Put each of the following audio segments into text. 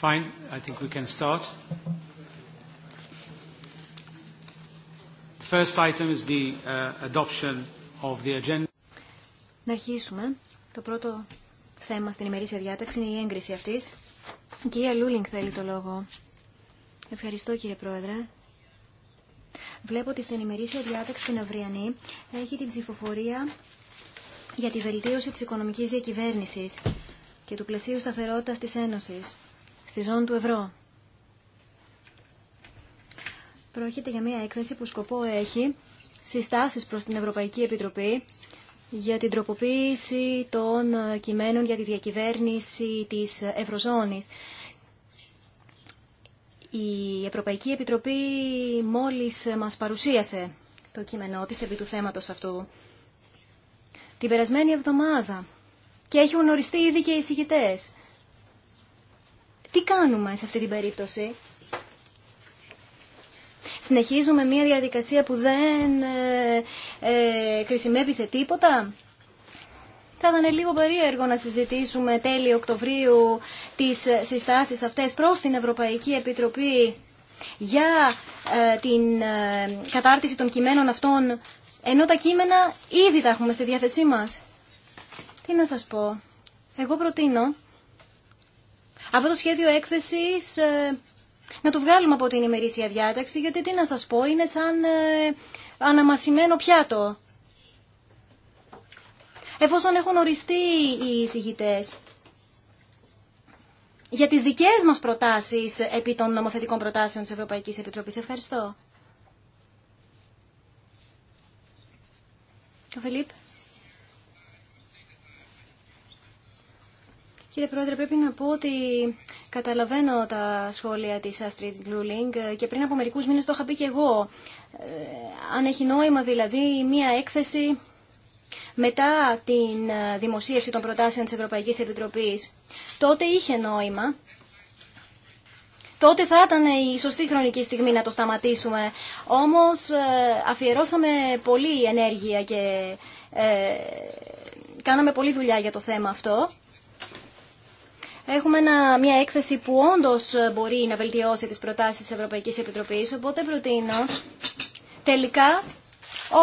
Fine, Να αρχίσουμε. Το πρώτο θέμα στην ημερήσια διάταξη είναι η έγκριση αυτής. Η κυρία Λούλινγκ θέλει το λόγο. Ευχαριστώ κύριε Πρόεδρε. Βλέπω ότι στην ημερήσια διάταξη την αυριανή έχει την ψηφοφορία για τη βελτίωση της οικονομικής διακυβέρνησης και του πλαισίου σταθερότητας της Ένωσης, στη ζώνη του ευρώ. Πρόκειται για μια έκθεση που σκοπό έχει συστάσεις προς την Ευρωπαϊκή Επιτροπή για την τροποποίηση των κειμένων για τη διακυβέρνηση της Ευρωζώνης. Η Ευρωπαϊκή Επιτροπή μόλις μας παρουσίασε το κείμενό της επί του θέματος αυτού. Την περασμένη εβδομάδα και έχουν οριστεί ήδη και οι Τι κάνουμε σε αυτή την περίπτωση. Συνεχίζουμε μια διαδικασία που δεν ε, χρησιμεύει ε, σε τίποτα. Θα ήταν λίγο περίεργο να συζητήσουμε τέλη Οκτωβρίου τις συστάσεις αυτές προς την Ευρωπαϊκή Επιτροπή για ε, την ε, κατάρτιση των κειμένων αυτών, ενώ τα κείμενα ήδη τα έχουμε στη διάθεσή μας. Τι να σας πω. Εγώ προτείνω αυτό το σχέδιο έκθεσης ε, να το βγάλουμε από την ημερήσια διάταξη, γιατί τι να σας πω, είναι σαν ε, αναμασιμένο πιάτο. Εφόσον έχουν οριστεί οι εισηγητές για τις δικές μας προτάσεις επί των νομοθετικών προτάσεων της Ευρωπαϊκής Επιτροπής. Ευχαριστώ. Ο Φιλίπ. Κύριε Πρόεδρε, πρέπει να πω ότι καταλαβαίνω τα σχόλια της Astrid Gluling και πριν από μερικούς μήνες το είχα πει και εγώ. Ε, αν έχει νόημα δηλαδή μία έκθεση μετά την ε, δημοσίευση των προτάσεων της Ευρωπαϊκής Επιτροπής, τότε είχε νόημα τότε θα ήταν η σωστή χρονική στιγμή να το σταματήσουμε. Όμως ε, αφιερώσαμε πολύ ενέργεια και κάναμε πολλή δουλειά για το θέμα αυτό. Έχουμε μια έκθεση που όντω ε, μπορεί να βελτιώσει τις προτάσεις τη Ευρωπαϊκής Επιτροπής, οπότε προτείνω τελικά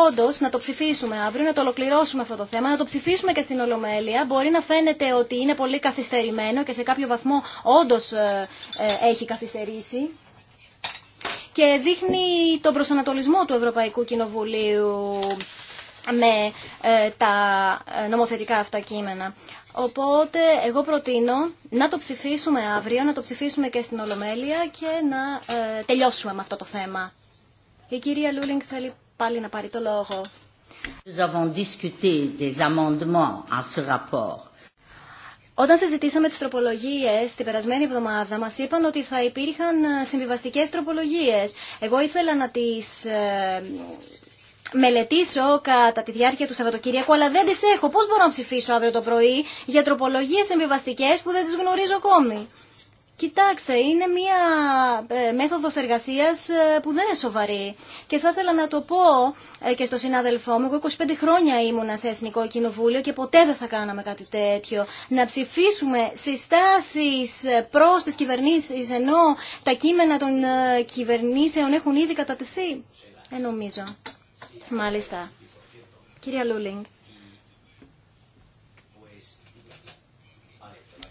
όντω να το ψηφίσουμε αύριο, να το ολοκληρώσουμε αυτό το θέμα, να το ψηφίσουμε και στην Ολομέλεια. Μπορεί να φαίνεται ότι είναι πολύ καθυστερημένο και σε κάποιο βαθμό όντω ε, ε, έχει καθυστερήσει. Και δείχνει τον προσανατολισμό του Ευρωπαϊκού Κοινοβουλίου με ε, τα ε, νομοθετικά αυτά κείμενα. Οπότε εγώ προτείνω να το ψηφίσουμε αύριο, να το ψηφίσουμε και στην Ολομέλεια και να ε, τελειώσουμε με αυτό το θέμα. Η κυρία Λούλινγκ θέλει πάλι να πάρει το λόγο. Όταν συζητήσαμε τις τροπολογίες την περασμένη εβδομάδα μας είπαν ότι θα υπήρχαν συμβιβαστικές τροπολογίες. Εγώ ήθελα να τις μελετήσω κατά τη διάρκεια του Σαββατοκύριακου, αλλά δεν τι έχω. πώ μπορώ να ψηφίσω αύριο το πρωί για τροπολογίε συμβιβαστικέ που δεν τι γνωρίζω ακόμη. Κοιτάξτε, είναι μία ε, μέθοδος εργασίας ε, που δεν είναι σοβαρή. Και θα ήθελα να το πω ε, και στο συνάδελφό μου. Εγώ 25 χρόνια ήμουνα σε Εθνικό Κοινοβούλιο και ποτέ δεν θα κάναμε κάτι τέτοιο. Να ψηφίσουμε συστάσεις προς τις κυβερνήσεις, ενώ τα κείμενα των κυβερνήσεων έχουν ήδη κατατεθεί. Ε, νομίζω. Μάλιστα. Κυρία Λούλινγκ,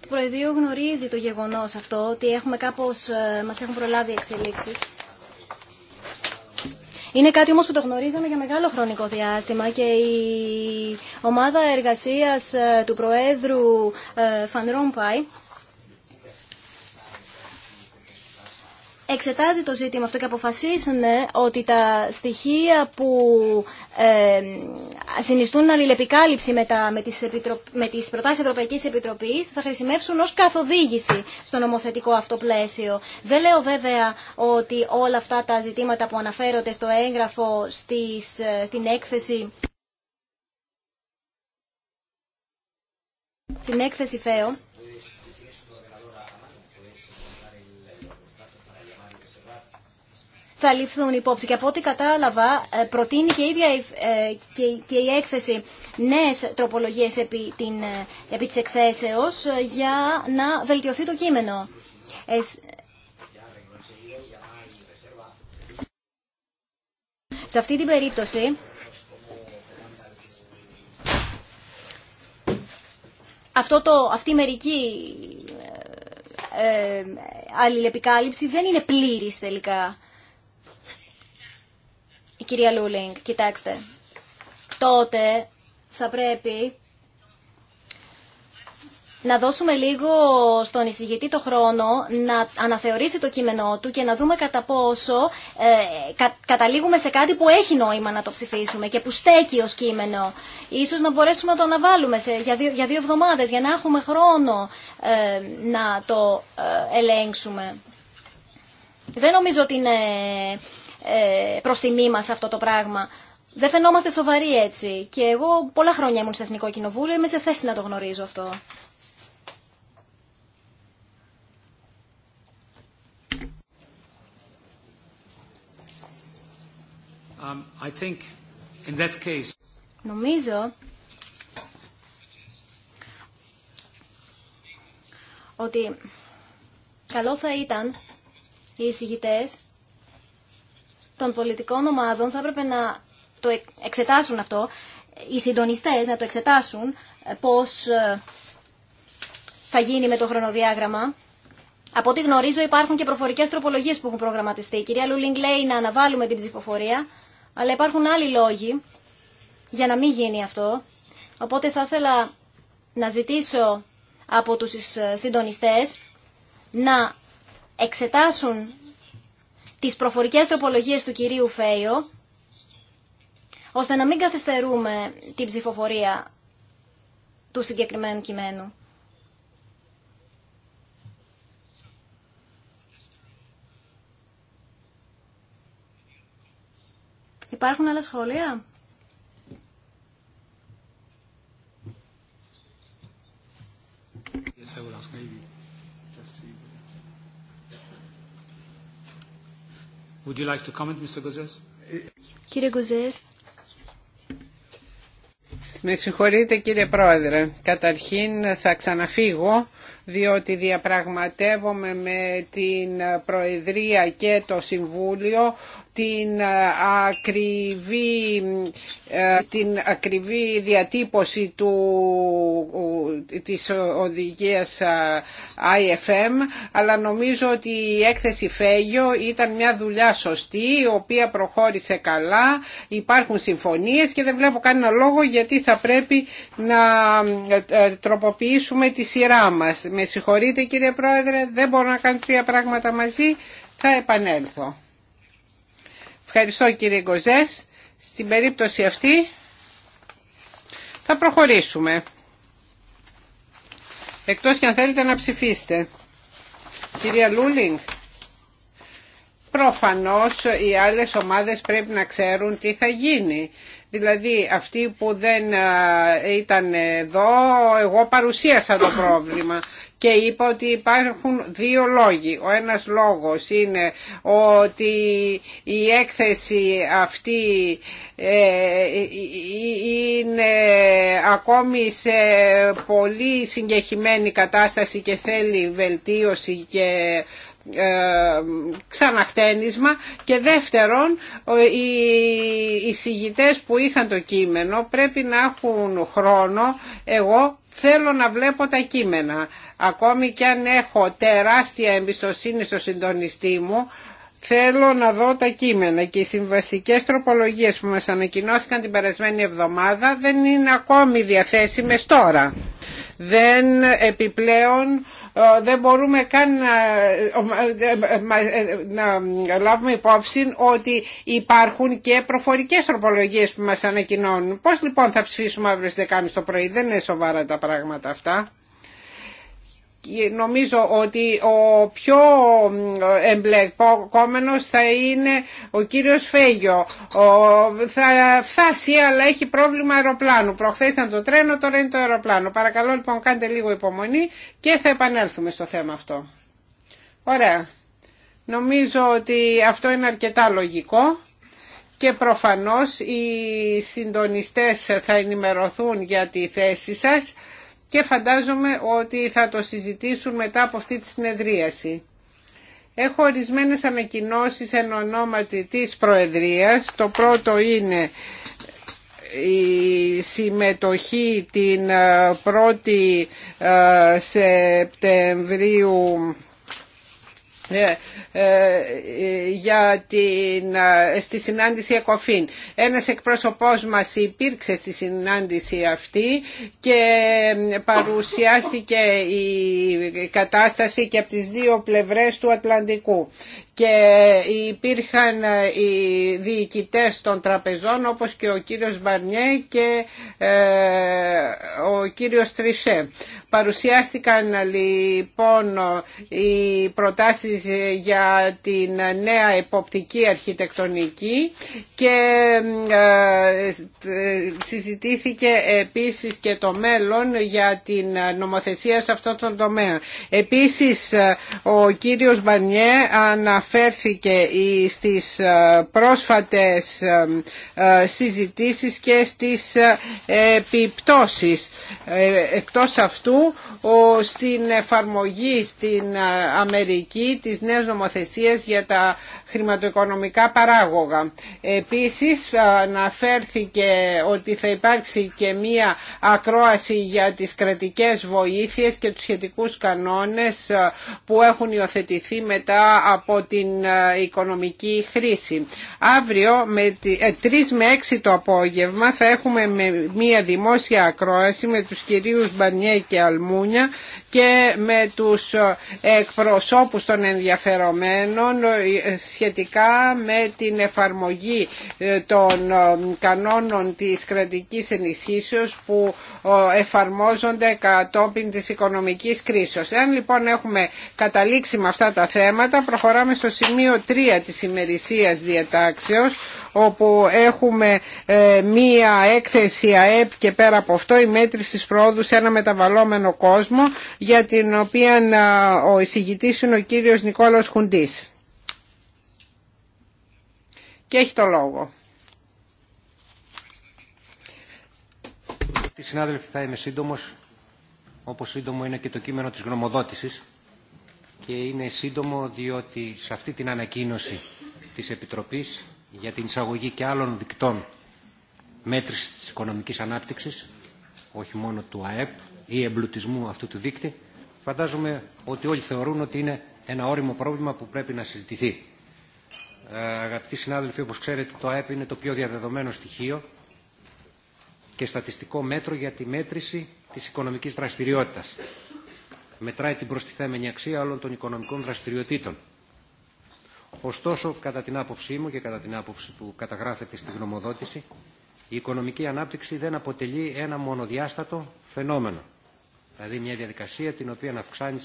το Προεδρείο γνωρίζει το γεγονός αυτό, ότι έχουμε κάπως, ε, μας έχουν προλάβει εξελίξει. Είναι κάτι όμως που το γνωρίζαμε για μεγάλο χρονικό διάστημα και η ομάδα εργασίας ε, του Προέδρου ε, Φαν Ρόμπαϊ εξετάζει το ζήτημα αυτό και αποφασίσανε ότι τα στοιχεία που ε, συνιστούν αλληλεπικάλυψη με, τα, με, τις επιτρο, με τις προτάσεις Ευρωπαϊκής Επιτροπής θα χρησιμεύσουν ως καθοδήγηση στο νομοθετικό αυτό πλαίσιο. Δεν λέω βέβαια ότι όλα αυτά τα ζητήματα που αναφέρονται στο έγγραφο στις, ε, στην έκθεση στην έκθεση ΦΕΟ θα ληφθούν υπόψη. Και από ό,τι κατάλαβα, ε, προτείνει και η ίδια ε, και η έκθεση νέε τροπολογίε επί, την, ε, επί της εκθέσεως για να βελτιωθεί το κείμενο. Σε αυτή την περίπτωση, αυτό το, αυτή η μερική ε, αλληλεπικάλυψη δεν είναι πλήρης τελικά. Κυρία Λούλινγκ, κοιτάξτε, τότε θα πρέπει να δώσουμε λίγο στον εισηγητή το χρόνο να αναθεωρήσει το κείμενό του και να δούμε κατά πόσο ε, καταλήγουμε σε κάτι που έχει νόημα να το ψηφίσουμε και που στέκει ως κείμενο. Ίσως να μπορέσουμε να το αναβάλουμε σε, για, δύο, για εβδομάδες για να έχουμε χρόνο ε, να το ε, ελέγξουμε. Δεν νομίζω ότι είναι ε, Προ τιμή μα αυτό το πράγμα. Δεν φαινόμαστε σοβαροί έτσι. Και εγώ πολλά χρόνια ήμουν στο Εθνικό Κοινοβούλιο, είμαι σε θέση να το γνωρίζω αυτό. Um, Νομίζω ότι καλό θα ήταν οι εισηγητές των πολιτικών ομάδων θα έπρεπε να το εξετάσουν αυτό, οι συντονιστές να το εξετάσουν ε, πώς ε, θα γίνει με το χρονοδιάγραμμα. Από ό,τι γνωρίζω υπάρχουν και προφορικές τροπολογίες που έχουν προγραμματιστεί. Η κυρία Λούλινγκ λέει να αναβάλουμε την ψηφοφορία, αλλά υπάρχουν άλλοι λόγοι για να μην γίνει αυτό. Οπότε θα ήθελα να ζητήσω από τους συντονιστές να εξετάσουν τις προφορικές τροπολογίες του κυρίου Φέιο, ώστε να μην καθυστερούμε την ψηφοφορία του συγκεκριμένου κειμένου. Υπάρχουν άλλα σχόλια? Would Κύριε Με συγχωρείτε κύριε Πρόεδρε. Καταρχήν θα ξαναφύγω διότι διαπραγματεύομαι με την Προεδρία και το Συμβούλιο την ε, ακριβή, ε, την ακριβή διατύπωση του, της οδηγίας ε, IFM αλλά νομίζω ότι η έκθεση Φέγιο ήταν μια δουλειά σωστή η οποία προχώρησε καλά υπάρχουν συμφωνίες και δεν βλέπω κανένα λόγο γιατί θα πρέπει να τροποποιήσουμε τη σειρά μας με συγχωρείτε κύριε Πρόεδρε δεν μπορώ να κάνω τρία πράγματα μαζί θα επανέλθω Ευχαριστώ κύριε Γκοζές. Στην περίπτωση αυτή θα προχωρήσουμε. Εκτός και αν θέλετε να ψηφίσετε. Κυρία Λούλινγκ. Προφανώς οι άλλες ομάδες πρέπει να ξέρουν τι θα γίνει. Δηλαδή αυτοί που δεν ε, ήταν εδώ, εγώ παρουσίασα το πρόβλημα και είπα ότι υπάρχουν δύο λόγοι. Ο ένας λόγος είναι ότι η έκθεση αυτή ε, ε, είναι ακόμη σε πολύ συγκεχημένη κατάσταση και θέλει βελτίωση και ε, ξαναχτένισμα και δεύτερον οι συγητές που είχαν το κείμενο πρέπει να έχουν χρόνο εγώ Θέλω να βλέπω τα κείμενα. Ακόμη και αν έχω τεράστια εμπιστοσύνη στο συντονιστή μου, θέλω να δω τα κείμενα και οι συμβασικές τροπολογίες που μας ανακοινώθηκαν την περασμένη εβδομάδα δεν είναι ακόμη διαθέσιμες τώρα δεν επιπλέον ε, δεν μπορούμε καν να, ε, ε, να λάβουμε υπόψη ότι υπάρχουν και προφορικές τροπολογίες που μας ανακοινώνουν. Πώς λοιπόν θα ψηφίσουμε αύριο στις 10.30 το πρωί, δεν είναι σοβαρά τα πράγματα αυτά νομίζω ότι ο πιο εμπλεκόμενος θα είναι ο κύριος Φέγιο. θα φτάσει αλλά έχει πρόβλημα αεροπλάνου. Προχθές ήταν το τρένο, τώρα είναι το αεροπλάνο. Παρακαλώ λοιπόν κάντε λίγο υπομονή και θα επανέλθουμε στο θέμα αυτό. Ωραία. Νομίζω ότι αυτό είναι αρκετά λογικό και προφανώς οι συντονιστές θα ενημερωθούν για τη θέση σας και φαντάζομαι ότι θα το συζητήσουν μετά από αυτή τη συνεδρίαση. Έχω ορισμένες ανακοινώσεις εν ονόματι της Προεδρίας. Το πρώτο είναι η συμμετοχή την 1η ε, ε, Σεπτεμβρίου ναι, ε, ε, για την, ε, στη συνάντηση ΕΚΟΦΗΝ. Ένας εκπρόσωπός μας υπήρξε στη συνάντηση αυτή και παρουσιάστηκε η κατάσταση και από τις δύο πλευρές του Ατλαντικού και υπήρχαν ε, οι διοικητές των τραπεζών όπως και ο κύριος Μπαρνιέ και ε, ο κύριος Τρισέ. Παρουσιάστηκαν λοιπόν οι προτάσεις για την νέα εποπτική αρχιτεκτονική και ε, συζητήθηκε επίσης και το μέλλον για την νομοθεσία σε αυτόν τον τομέα. Επίσης ο κύριος Μπαρνιέ αναφέρει αναφέρθηκε στις ε, πρόσφατες ε, ε, συζητήσεις και στις επιπτώσεις. Εκτός αυτού, στην εφαρμογή στην Αμερική της νέας νομοθεσίας για τα χρηματοοικονομικά παράγωγα. Επίσης αναφέρθηκε ότι θα υπάρξει και μία ακρόαση για τις κρατικές βοήθειες και τους σχετικούς κανόνες που έχουν υιοθετηθεί μετά από την ε, οικονομική χρήση. Αύριο με 3 ε, με 6 το απόγευμα θα έχουμε μία δημόσια ακρόαση με τους κυρίους Μπανιέ και Αλμούνια και με τους ε, εκπροσώπους των ενδιαφερομένων ε, σχετικά με την εφαρμογή ε, των κανόνων της κρατικής ενισχύσεως που εφαρμόζονται κατόπιν της οικονομικής κρίσης. Εάν λοιπόν έχουμε καταλήξει με αυτά τα θέματα, προχωράμε στο σημείο 3 της ημερησίας διατάξεως όπου έχουμε ε, μία έκθεση ΑΕΠ και πέρα από αυτό η μέτρηση της πρόοδου σε ένα μεταβαλλόμενο κόσμο για την οποία ε, ο εισηγητής είναι ο κύριος Νικόλαος Χουντής. Και έχει το λόγο. Συνάδελφοι, θα είμαι σύντομος, όπως σύντομο είναι και το κείμενο της γνωμοδότησης και είναι σύντομο διότι σε αυτή την ανακοίνωση της Επιτροπής για την εισαγωγή και άλλων δικτών μέτρησης της οικονομικής ανάπτυξης, όχι μόνο του ΑΕΠ ή εμπλουτισμού αυτού του δίκτυ, φαντάζομαι ότι όλοι θεωρούν ότι είναι ένα όριμο πρόβλημα που πρέπει να συζητηθεί. Ε, αγαπητοί συνάδελφοι, όπως ξέρετε, το ΑΕΠ είναι το πιο διαδεδομένο στοιχείο και στατιστικό μέτρο για τη μέτρηση της οικονομικής δραστηριότητας. Μετράει την προστιθέμενη αξία όλων των οικονομικών δραστηριοτήτων Ωστόσο, κατά την άποψή μου και κατά την άποψη που καταγράφεται στη γνωμοδότηση, η οικονομική ανάπτυξη δεν αποτελεί ένα μονοδιάστατο φαινόμενο. Δηλαδή μια διαδικασία την οποία να αυξάνει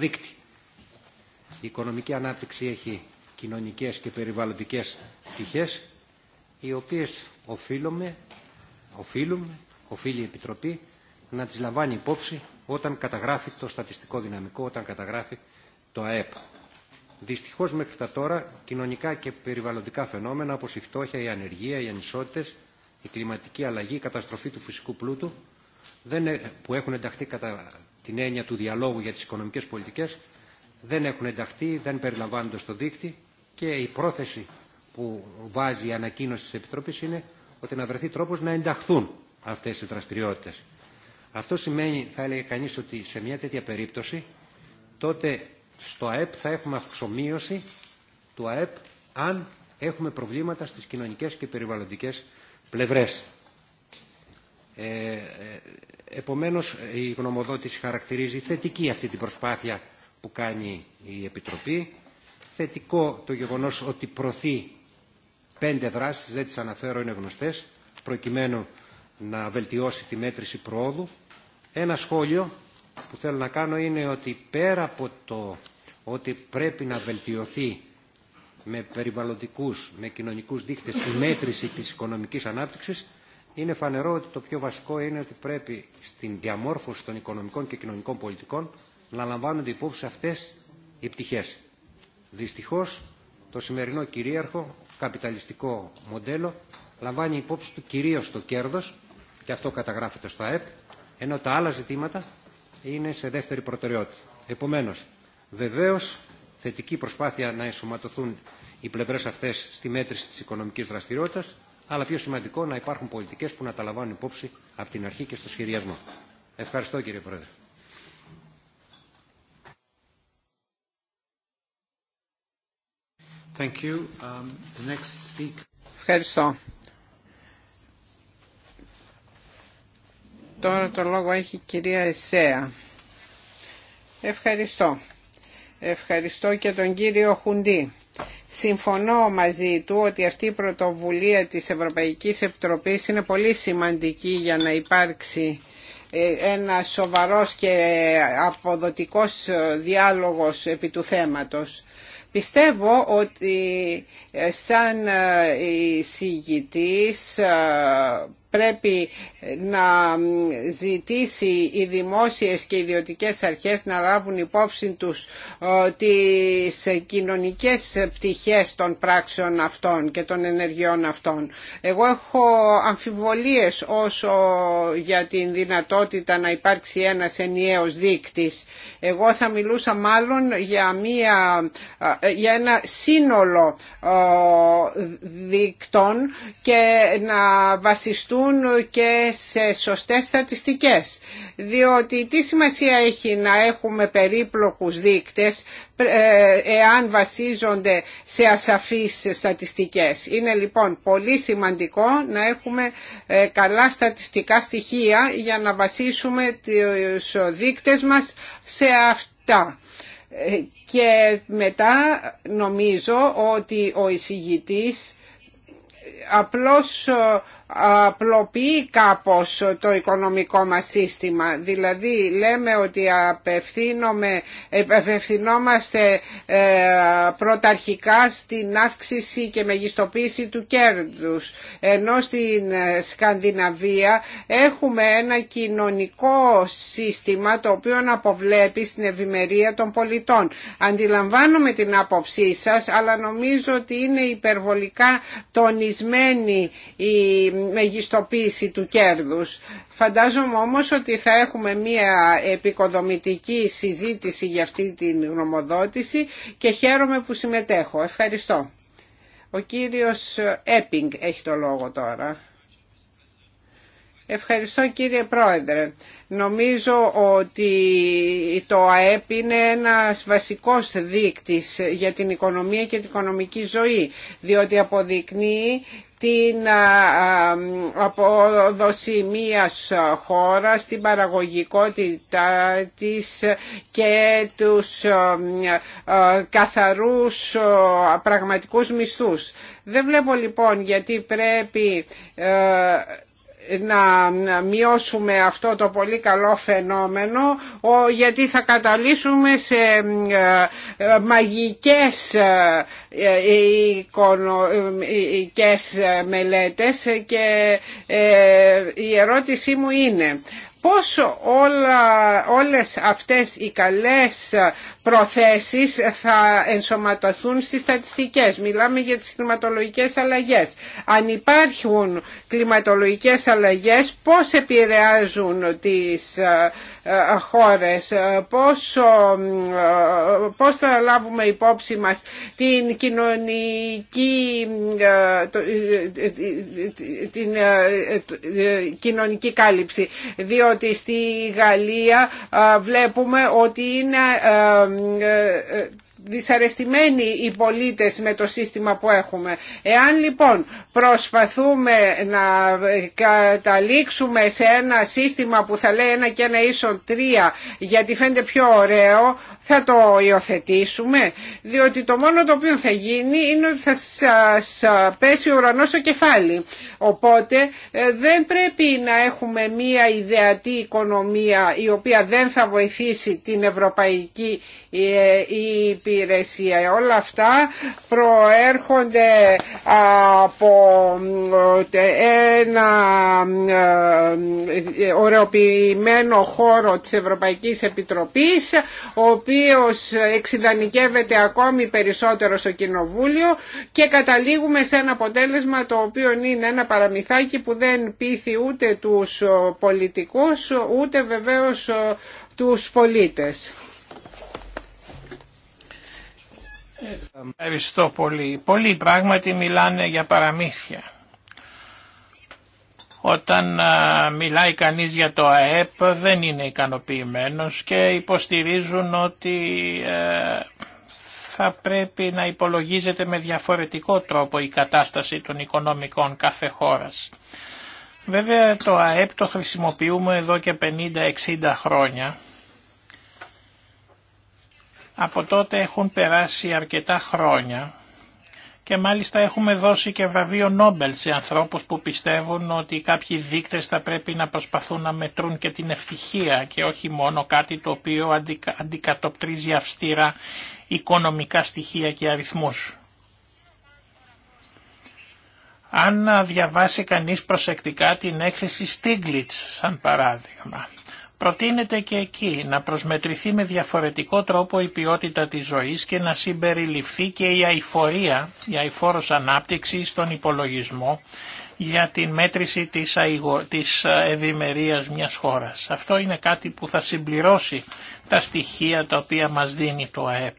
Η οικονομική ανάπτυξη έχει κοινωνικές και περιβαλλοντικές πτυχές, οι οποίες δίκτυο. η οικονομικη αναπτυξη εχει κοινωνικες και περιβαλλοντικες πτυχέ, οι οποίε οφειλουμε οφειλει η επιτροπη να τις λαμβάνει υπόψη όταν καταγράφει το στατιστικό δυναμικό, όταν καταγράφει το ΑΕΠ. Δυστυχώ μέχρι τα τώρα κοινωνικά και περιβαλλοντικά φαινόμενα όπω η φτώχεια, η ανεργία, οι ανισότητε, η κλιματική αλλαγή, η καταστροφή του φυσικού πλούτου ε, που έχουν ενταχθεί κατά την έννοια του διαλόγου για τι οικονομικέ πολιτικέ δεν έχουν ενταχθεί, δεν περιλαμβάνονται στο δίκτυ και η πρόθεση που βάζει η ανακοίνωση τη Επιτροπή είναι ότι να βρεθεί τρόπο να ενταχθούν αυτέ οι δραστηριότητε. Αυτό σημαίνει, θα έλεγε κανεί ότι σε μια τέτοια περίπτωση τότε στο ΑΕΠ θα έχουμε αυξομοίωση του ΑΕΠ αν έχουμε προβλήματα στις κοινωνικές και περιβαλλοντικές πλευρές. Ε, ε, επομένως, η γνωμοδότηση χαρακτηρίζει θετική αυτή την προσπάθεια που κάνει η Επιτροπή. Θετικό το γεγονός ότι προθεί πέντε δράσεις, δεν τις αναφέρω, είναι γνωστές, προκειμένου να βελτιώσει τη μέτρηση προόδου. Ένα σχόλιο που θέλω να κάνω είναι ότι πέρα από το ότι πρέπει να βελτιωθεί με περιβαλλοντικούς, με κοινωνικούς δείχτες η μέτρηση της οικονομικής ανάπτυξης, είναι φανερό ότι το πιο βασικό είναι ότι πρέπει στην διαμόρφωση των οικονομικών και κοινωνικών πολιτικών να λαμβάνονται υπόψη αυτές οι πτυχές. Δυστυχώς, το σημερινό κυρίαρχο καπιταλιστικό μοντέλο λαμβάνει υπόψη του κυρίως το κέρδος και αυτό καταγράφεται στο ΑΕΠ, ενώ τα άλλα ζητήματα είναι σε δεύτερη προτεραιότητα. Επομένως, Βεβαίως, θετική προσπάθεια να ενσωματωθούν οι πλευρές αυτές στη μέτρηση της οικονομικής δραστηριότητας, αλλά πιο σημαντικό να υπάρχουν πολιτικές που να τα λαμβάνουν υπόψη από την αρχή και στο σχεδιασμό. Ευχαριστώ κύριε Πρόεδρε. Thank you. Um, the next Ευχαριστώ. Τώρα το λόγο έχει η κυρία Εσέα. Ευχαριστώ. Ευχαριστώ και τον κύριο Χουντή. Συμφωνώ μαζί του ότι αυτή η πρωτοβουλία της Ευρωπαϊκής Επιτροπής είναι πολύ σημαντική για να υπάρξει ε, ένα σοβαρός και ε, αποδοτικός ε, διάλογος επί του θέματος. Πιστεύω ότι σαν συγητής πρέπει να ζητήσει οι δημόσιες και οι ιδιωτικές αρχές να λάβουν υπόψη τους ε, τις κοινωνικές πτυχές των πράξεων αυτών και των ενεργειών αυτών. Εγώ έχω αμφιβολίες όσο για την δυνατότητα να υπάρξει ένας ενιαίος δείκτης. Εγώ θα μιλούσα μάλλον για, μία, ε, για ένα σύνολο ε, δείκτων και να βασιστούν και σε σωστές στατιστικές. Διότι τι σημασία έχει να έχουμε περίπλοκους δείκτες ε, εάν βασίζονται σε ασαφείς στατιστικές. Είναι λοιπόν πολύ σημαντικό να έχουμε ε, καλά στατιστικά στοιχεία για να βασίσουμε τους δείκτες μας σε αυτά. Ε, και μετά νομίζω ότι ο εισηγητής απλώς απλοποιεί κάπως το οικονομικό μας σύστημα. Δηλαδή λέμε ότι απευθυνόμαστε ε, πρωταρχικά στην αύξηση και μεγιστοποίηση του κέρδους. Ενώ στην ε, Σκανδιναβία έχουμε ένα κοινωνικό σύστημα το οποίο αποβλέπει στην ευημερία των πολιτών. Αντιλαμβάνομαι την άποψή σας αλλά νομίζω ότι είναι υπερβολικά τονισμένη η μεγιστοποίηση του κέρδους. Φαντάζομαι όμως ότι θα έχουμε μία επικοδομητική συζήτηση για αυτή την γνωμοδότηση και χαίρομαι που συμμετέχω. Ευχαριστώ. Ο κύριος Έπινγκ έχει το λόγο τώρα. Ευχαριστώ κύριε Πρόεδρε. Νομίζω ότι το ΑΕΠ είναι ένας βασικός δείκτης για την οικονομία και την οικονομική ζωή, διότι αποδεικνύει την απόδοση μίας χώρας, την παραγωγικότητά της και τους καθαρούς πραγματικούς μισθούς. Δεν βλέπω λοιπόν γιατί πρέπει να μειώσουμε αυτό το πολύ καλό φαινόμενο γιατί θα καταλύσουμε σε ε, μαγικές οικονομικές ε, ε, μελέτες και η ερώτησή μου είναι πόσο όλα, όλες αυτές οι καλές προθέσεις θα ενσωματωθούν στις στατιστικές. Μιλάμε για τις κλιματολογικές αλλαγές. Αν υπάρχουν κλιματολογικές αλλαγές, πώς επηρεάζουν τις ε, χώρες, ε, πόσο, ε, πώς θα λάβουμε υπόψη μας την κοινωνική, την κοινωνική κάλυψη, διότι στη Γαλλία βλέπουμε ότι είναι δυσαρεστημένοι οι πολίτες με το σύστημα που έχουμε. Εάν λοιπόν προσπαθούμε να καταλήξουμε σε ένα σύστημα που θα λέει ένα και ένα ίσον τρία γιατί φαίνεται πιο ωραίο θα το υιοθετήσουμε, διότι το μόνο το οποίο θα γίνει είναι ότι θα σας πέσει ο ουρανός στο κεφάλι. Οπότε ε, δεν πρέπει να έχουμε μία ιδεατή οικονομία η οποία δεν θα βοηθήσει την ευρωπαϊκή ε, υπηρεσία. Όλα αυτά προέρχονται από ε, ένα ωραιοποιημένο χώρο της Ευρωπαϊκής Επιτροπής, ο οποίος εξειδανικεύεται ακόμη περισσότερο στο Κοινοβούλιο και καταλήγουμε σε ένα αποτέλεσμα το οποίο είναι ένα παραμυθάκι που δεν πείθει ούτε τους πολιτικούς ούτε βεβαίως τους πολίτες. Ευχαριστώ πολύ. Πολλοί πράγματι μιλάνε για παραμύθια. Όταν μιλάει κανείς για το ΑΕΠ δεν είναι ικανοποιημένος και υποστηρίζουν ότι ε, θα πρέπει να υπολογίζεται με διαφορετικό τρόπο η κατάσταση των οικονομικών κάθε χώρας. Βέβαια το ΑΕΠ το χρησιμοποιούμε εδώ και 50-60 χρόνια. Από τότε έχουν περάσει αρκετά χρόνια και μάλιστα έχουμε δώσει και βραβείο Νόμπελ σε ανθρώπους που πιστεύουν ότι κάποιοι δείκτες θα πρέπει να προσπαθούν να μετρούν και την ευτυχία και όχι μόνο κάτι το οποίο αντικατοπτρίζει αυστηρά οικονομικά στοιχεία και αριθμούς. Αν διαβάσει κανείς προσεκτικά την έκθεση Στίγκλιτς σαν παράδειγμα Προτείνεται και εκεί να προσμετρηθεί με διαφορετικό τρόπο η ποιότητα της ζωής και να συμπεριληφθεί και η αηφορία, η αηφόρος ανάπτυξη στον υπολογισμό για την μέτρηση της, αηγο, της ευημερίας μιας χώρας. Αυτό είναι κάτι που θα συμπληρώσει τα στοιχεία τα οποία μας δίνει το ΑΕΠ.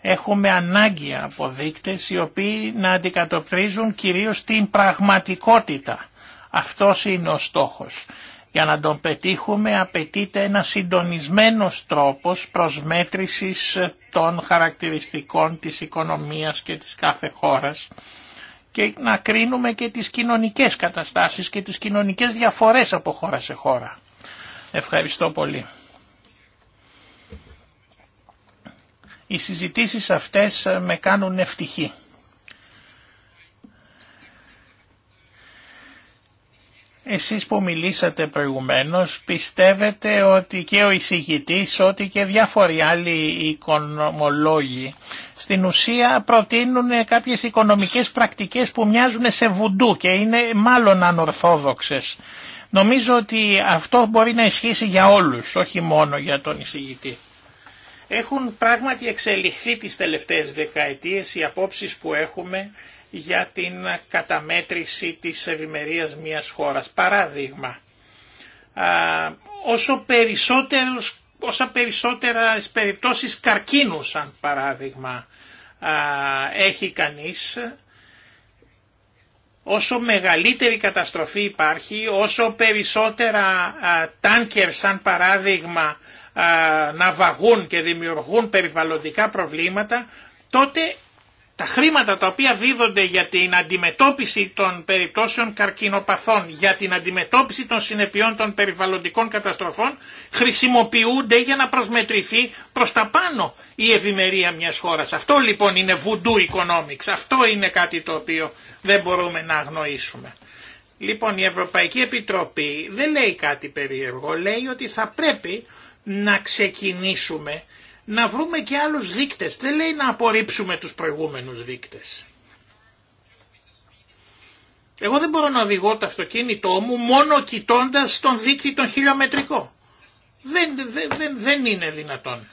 Έχουμε ανάγκη από οι οποίοι να αντικατοπτρίζουν κυρίως την πραγματικότητα. Αυτός είναι ο στόχος. Για να τον πετύχουμε απαιτείται ένα συντονισμένος τρόπος προσμέτρησης των χαρακτηριστικών της οικονομίας και της κάθε χώρας και να κρίνουμε και τις κοινωνικές καταστάσεις και τις κοινωνικές διαφορές από χώρα σε χώρα. Ευχαριστώ πολύ. Οι συζητήσεις αυτές με κάνουν ευτυχή. Εσείς που μιλήσατε προηγουμένως πιστεύετε ότι και ο εισηγητής, ότι και διάφοροι άλλοι οικονομολόγοι στην ουσία προτείνουν κάποιες οικονομικές πρακτικές που μοιάζουν σε βουντού και είναι μάλλον ανορθόδοξες. Νομίζω ότι αυτό μπορεί να ισχύσει για όλους, όχι μόνο για τον εισηγητή. Έχουν πράγματι εξελιχθεί τις τελευταίες δεκαετίες οι απόψεις που έχουμε για την καταμέτρηση της ευημερία μιας χώρας. Παράδειγμα, όσο περισσότερους, όσα περισσότερα περιπτώσεις καρκίνου σαν παράδειγμα έχει κανείς, όσο μεγαλύτερη καταστροφή υπάρχει, όσο περισσότερα τάνκερ σαν παράδειγμα να βαγούν και δημιουργούν περιβαλλοντικά προβλήματα, τότε τα χρήματα τα οποία δίδονται για την αντιμετώπιση των περιπτώσεων καρκινοπαθών, για την αντιμετώπιση των συνεπειών των περιβαλλοντικών καταστροφών, χρησιμοποιούνται για να προσμετρηθεί προς τα πάνω η ευημερία μιας χώρας. Αυτό λοιπόν είναι voodoo economics, αυτό είναι κάτι το οποίο δεν μπορούμε να αγνοήσουμε. Λοιπόν η Ευρωπαϊκή Επιτροπή δεν λέει κάτι περίεργο, λέει ότι θα πρέπει να ξεκινήσουμε να βρούμε και άλλους δείκτες. Δεν λέει να απορρίψουμε τους προηγούμενους δείκτες. Εγώ δεν μπορώ να οδηγώ το αυτοκίνητό μου μόνο κοιτώντα τον δείκτη τον χιλιομετρικό. Δεν, δεν, δεν, δεν είναι δυνατόν.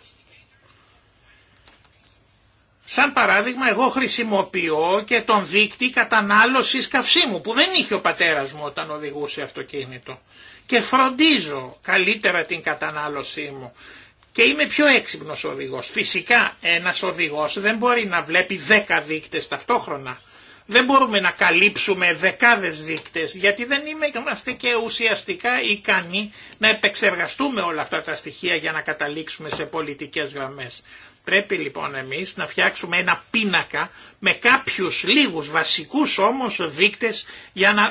Σαν παράδειγμα εγώ χρησιμοποιώ και τον δείκτη κατανάλωσης καυσίμου που δεν είχε ο πατέρας μου όταν οδηγούσε αυτοκίνητο και φροντίζω καλύτερα την κατανάλωσή μου και είμαι πιο έξυπνος οδηγός. Φυσικά ένας οδηγός δεν μπορεί να βλέπει δέκα δείκτες ταυτόχρονα. Δεν μπορούμε να καλύψουμε δεκάδες δείκτες γιατί δεν είμαστε και ουσιαστικά ικανοί να επεξεργαστούμε όλα αυτά τα στοιχεία για να καταλήξουμε σε πολιτικές γραμμές. Πρέπει λοιπόν εμείς να φτιάξουμε ένα πίνακα με κάποιους λίγους βασικούς όμως δείκτες για να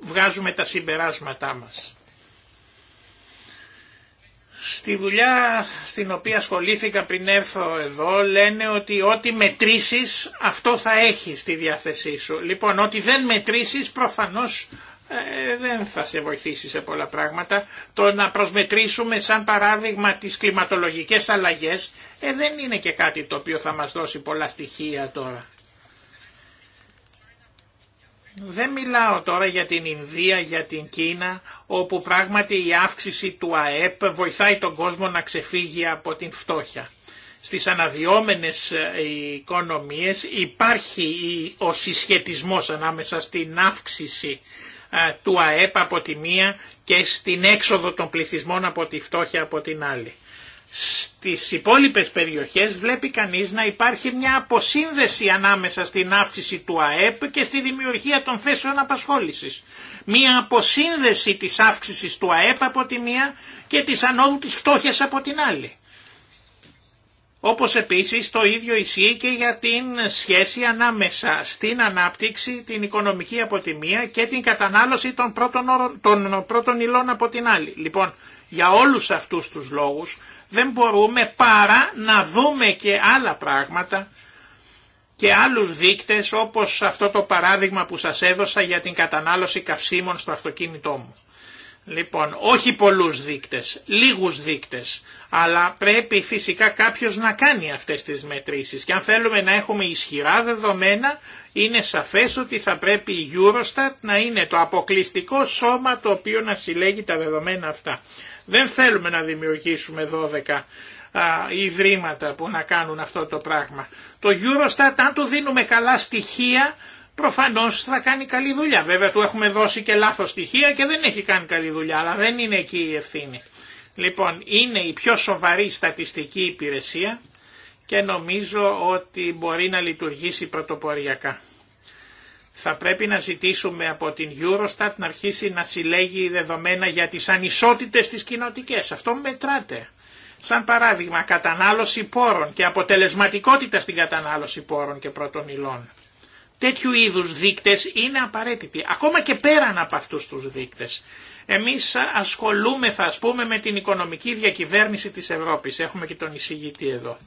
βγάζουμε τα συμπεράσματά μας. Στη δουλειά στην οποία ασχολήθηκα πριν έρθω εδώ λένε ότι ό,τι μετρήσεις αυτό θα έχει στη διάθεσή σου. Λοιπόν, ό,τι δεν μετρήσεις προφανώς ε, δεν θα σε βοηθήσει σε πολλά πράγματα. Το να προσμετρήσουμε σαν παράδειγμα τις κλιματολογικές αλλαγές ε, δεν είναι και κάτι το οποίο θα μας δώσει πολλά στοιχεία τώρα. Δεν μιλάω τώρα για την Ινδία, για την Κίνα, όπου πράγματι η αύξηση του ΑΕΠ βοηθάει τον κόσμο να ξεφύγει από την φτώχεια. Στις αναδυόμενες ε, οικονομίες υπάρχει ο συσχετισμός ανάμεσα στην αύξηση ε, του ΑΕΠ από τη μία και στην έξοδο των πληθυσμών από τη φτώχεια από την άλλη στις υπόλοιπες περιοχές βλέπει κανείς να υπάρχει μια αποσύνδεση ανάμεσα στην αύξηση του ΑΕΠ και στη δημιουργία των θέσεων απασχόλησης. Μια αποσύνδεση της αύξησης του ΑΕΠ από τη μία και της ανόδου της φτώχειας από την άλλη. Όπως επίσης το ίδιο ισχύει και για την σχέση ανάμεσα στην ανάπτυξη, την οικονομική από τη μία και την κατανάλωση των πρώτων, των πρώτων υλών από την άλλη. Λοιπόν, για όλους αυτούς τους λόγους δεν μπορούμε παρά να δούμε και άλλα πράγματα και άλλους δείκτες όπως αυτό το παράδειγμα που σας έδωσα για την κατανάλωση καυσίμων στο αυτοκίνητό μου. Λοιπόν, όχι πολλούς δείκτες, λίγους δείκτες, αλλά πρέπει φυσικά κάποιος να κάνει αυτές τις μετρήσεις και αν θέλουμε να έχουμε ισχυρά δεδομένα είναι σαφές ότι θα πρέπει η Eurostat να είναι το αποκλειστικό σώμα το οποίο να συλλέγει τα δεδομένα αυτά. Δεν θέλουμε να δημιουργήσουμε 12 ιδρύματα που να κάνουν αυτό το πράγμα. Το Eurostat αν του δίνουμε καλά στοιχεία προφανώς θα κάνει καλή δουλειά. Βέβαια του έχουμε δώσει και λάθος στοιχεία και δεν έχει κάνει καλή δουλειά αλλά δεν είναι εκεί η ευθύνη. Λοιπόν είναι η πιο σοβαρή στατιστική υπηρεσία και νομίζω ότι μπορεί να λειτουργήσει πρωτοποριακά θα πρέπει να ζητήσουμε από την Eurostat να αρχίσει να συλλέγει δεδομένα για τις ανισότητες της κοινοτικέ. Αυτό μετράται. Σαν παράδειγμα κατανάλωση πόρων και αποτελεσματικότητα στην κατανάλωση πόρων και πρώτων υλών. Τέτοιου είδους δείκτες είναι απαραίτητοι, ακόμα και πέραν από αυτούς τους δείκτες. Εμείς ασχολούμεθα, ας πούμε, με την οικονομική διακυβέρνηση της Ευρώπης. Έχουμε και τον εισηγητή εδώ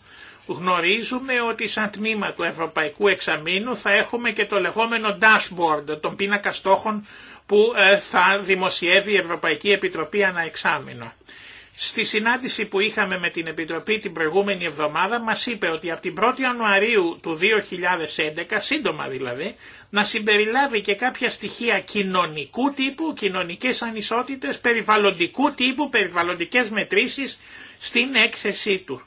γνωρίζουμε ότι σαν τμήμα του Ευρωπαϊκού Εξαμήνου θα έχουμε και το λεγόμενο dashboard των πίνακα στόχων που ε, θα δημοσιεύει η Ευρωπαϊκή Επιτροπή ανά Στη συνάντηση που είχαμε με την Επιτροπή την προηγούμενη εβδομάδα μας είπε ότι από την 1η Ιανουαρίου του 2011, σύντομα δηλαδή, να συμπεριλάβει και κάποια στοιχεία κοινωνικού τύπου, κοινωνικές ανισότητες, περιβαλλοντικού τύπου, περιβαλλοντικές μετρήσεις στην έκθεσή του.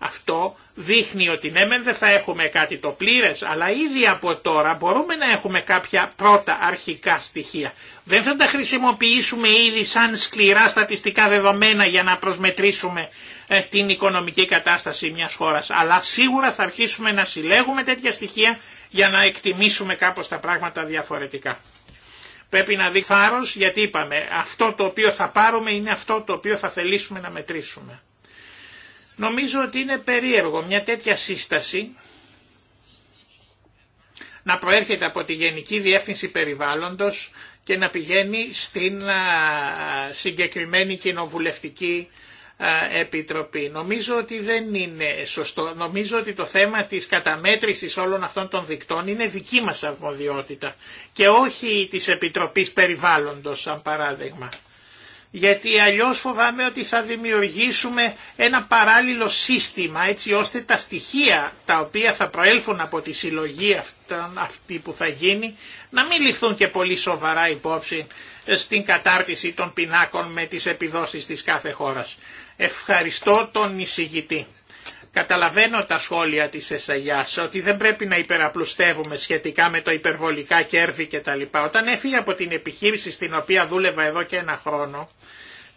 Αυτό δείχνει ότι ναι μεν δεν θα έχουμε κάτι το πλήρες, αλλά ήδη από τώρα μπορούμε να έχουμε κάποια πρώτα αρχικά στοιχεία. Δεν θα τα χρησιμοποιήσουμε ήδη σαν σκληρά στατιστικά δεδομένα για να προσμετρήσουμε ε, την οικονομική κατάσταση μιας χώρας, αλλά σίγουρα θα αρχίσουμε να συλλέγουμε τέτοια στοιχεία για να εκτιμήσουμε κάπως τα πράγματα διαφορετικά. Πρέπει να δει θάρρος γιατί είπαμε αυτό το οποίο θα πάρουμε είναι αυτό το οποίο θα θελήσουμε να μετρήσουμε. Νομίζω ότι είναι περίεργο μια τέτοια σύσταση να προέρχεται από τη Γενική Διεύθυνση Περιβάλλοντος και να πηγαίνει στην συγκεκριμένη κοινοβουλευτική επιτροπή. Νομίζω ότι δεν είναι σωστό. Νομίζω ότι το θέμα της καταμέτρησης όλων αυτών των δικτών είναι δική μας αρμοδιότητα και όχι της Επιτροπής Περιβάλλοντος, σαν παράδειγμα γιατί αλλιώς φοβάμαι ότι θα δημιουργήσουμε ένα παράλληλο σύστημα έτσι ώστε τα στοιχεία τα οποία θα προέλθουν από τη συλλογή αυτή που θα γίνει να μην ληφθούν και πολύ σοβαρά υπόψη στην κατάρτιση των πινάκων με τις επιδόσεις της κάθε χώρας. Ευχαριστώ τον εισηγητή. Καταλαβαίνω τα σχόλια της ΕΣΑΙΑΣ ότι δεν πρέπει να υπεραπλουστεύουμε σχετικά με το υπερβολικά κέρδη κτλ. Όταν έφυγε από την επιχείρηση στην οποία δούλευα εδώ και ένα χρόνο,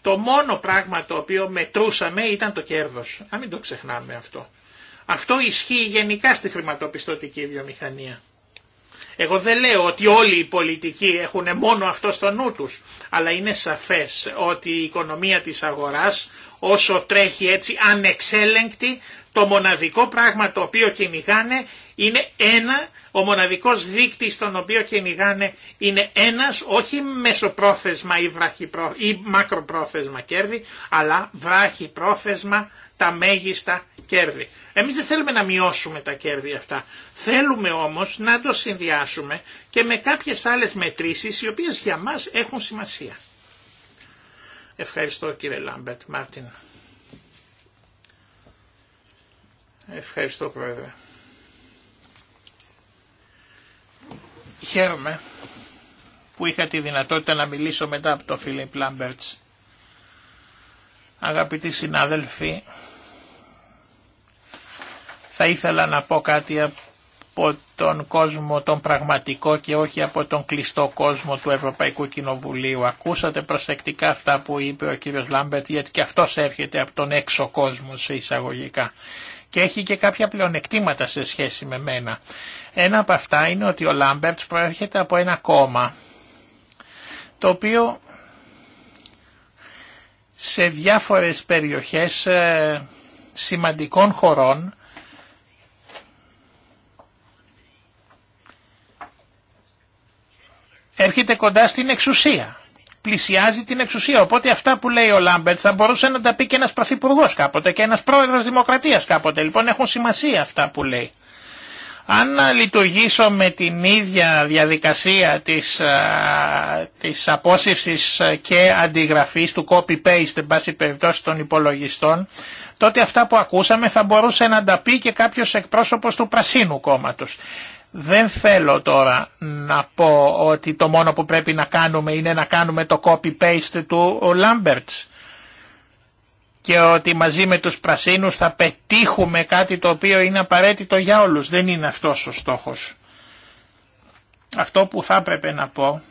το μόνο πράγμα το οποίο μετρούσαμε ήταν το κέρδος. Α μην το ξεχνάμε αυτό. Αυτό ισχύει γενικά στη χρηματοπιστωτική βιομηχανία. Εγώ δεν λέω ότι όλοι οι πολιτικοί έχουν μόνο αυτό στο νου τους, αλλά είναι σαφές ότι η οικονομία της αγοράς όσο τρέχει έτσι ανεξέλεγκτη το μοναδικό πράγμα το οποίο κυνηγάνε είναι ένα, ο μοναδικός δείκτης τον οποίο κυνηγάνε είναι ένας, όχι μεσοπρόθεσμα ή, βραχυπρό, ή μακροπρόθεσμα κέρδη, αλλά βράχυπρόθεσμα τα μέγιστα κέρδη. Εμείς δεν θέλουμε να μειώσουμε τα κέρδη αυτά. Θέλουμε όμως να το συνδυάσουμε και με κάποιες άλλες μετρήσεις οι οποίες για μας έχουν σημασία. Ευχαριστώ κύριε Λάμπερτ Μάρτιν. Ευχαριστώ Πρόεδρε. Χαίρομαι που είχα τη δυνατότητα να μιλήσω μετά από τον Φίλιπ Λάμπερτς. Αγαπητοί συνάδελφοι, θα ήθελα να πω κάτι από τον κόσμο τον πραγματικό και όχι από τον κλειστό κόσμο του Ευρωπαϊκού Κοινοβουλίου. Ακούσατε προσεκτικά αυτά που είπε ο κύριος Λάμπερτ γιατί και αυτός έρχεται από τον έξω κόσμο σε εισαγωγικά και έχει και κάποια πλεονεκτήματα σε σχέση με μένα. Ένα από αυτά είναι ότι ο Λάμπερτ προέρχεται από ένα κόμμα το οποίο σε διάφορες περιοχές ε, σημαντικών χωρών έρχεται κοντά στην εξουσία πλησιάζει την εξουσία. Οπότε αυτά που λέει ο Λάμπερτ θα μπορούσε να τα πει και ένα πρωθυπουργό κάποτε και ένα πρόεδρο δημοκρατία κάποτε. Λοιπόν έχουν σημασία αυτά που λέει. Αν λειτουργήσω με την ίδια διαδικασία της, α, της απόσυρσης και αντιγραφής του copy-paste, εν πάση περιπτώσει των υπολογιστών, τότε αυτά που ακούσαμε θα μπορούσε να τα πει και κάποιος εκπρόσωπος του Πρασίνου κόμματος. Δεν θέλω τώρα να πω ότι το μόνο που πρέπει να κάνουμε είναι να κάνουμε το copy-paste του Λάμπερτς και ότι μαζί με τους πρασίνους θα πετύχουμε κάτι το οποίο είναι απαραίτητο για όλους. Δεν είναι αυτός ο στόχος. Αυτό που θα έπρεπε να πω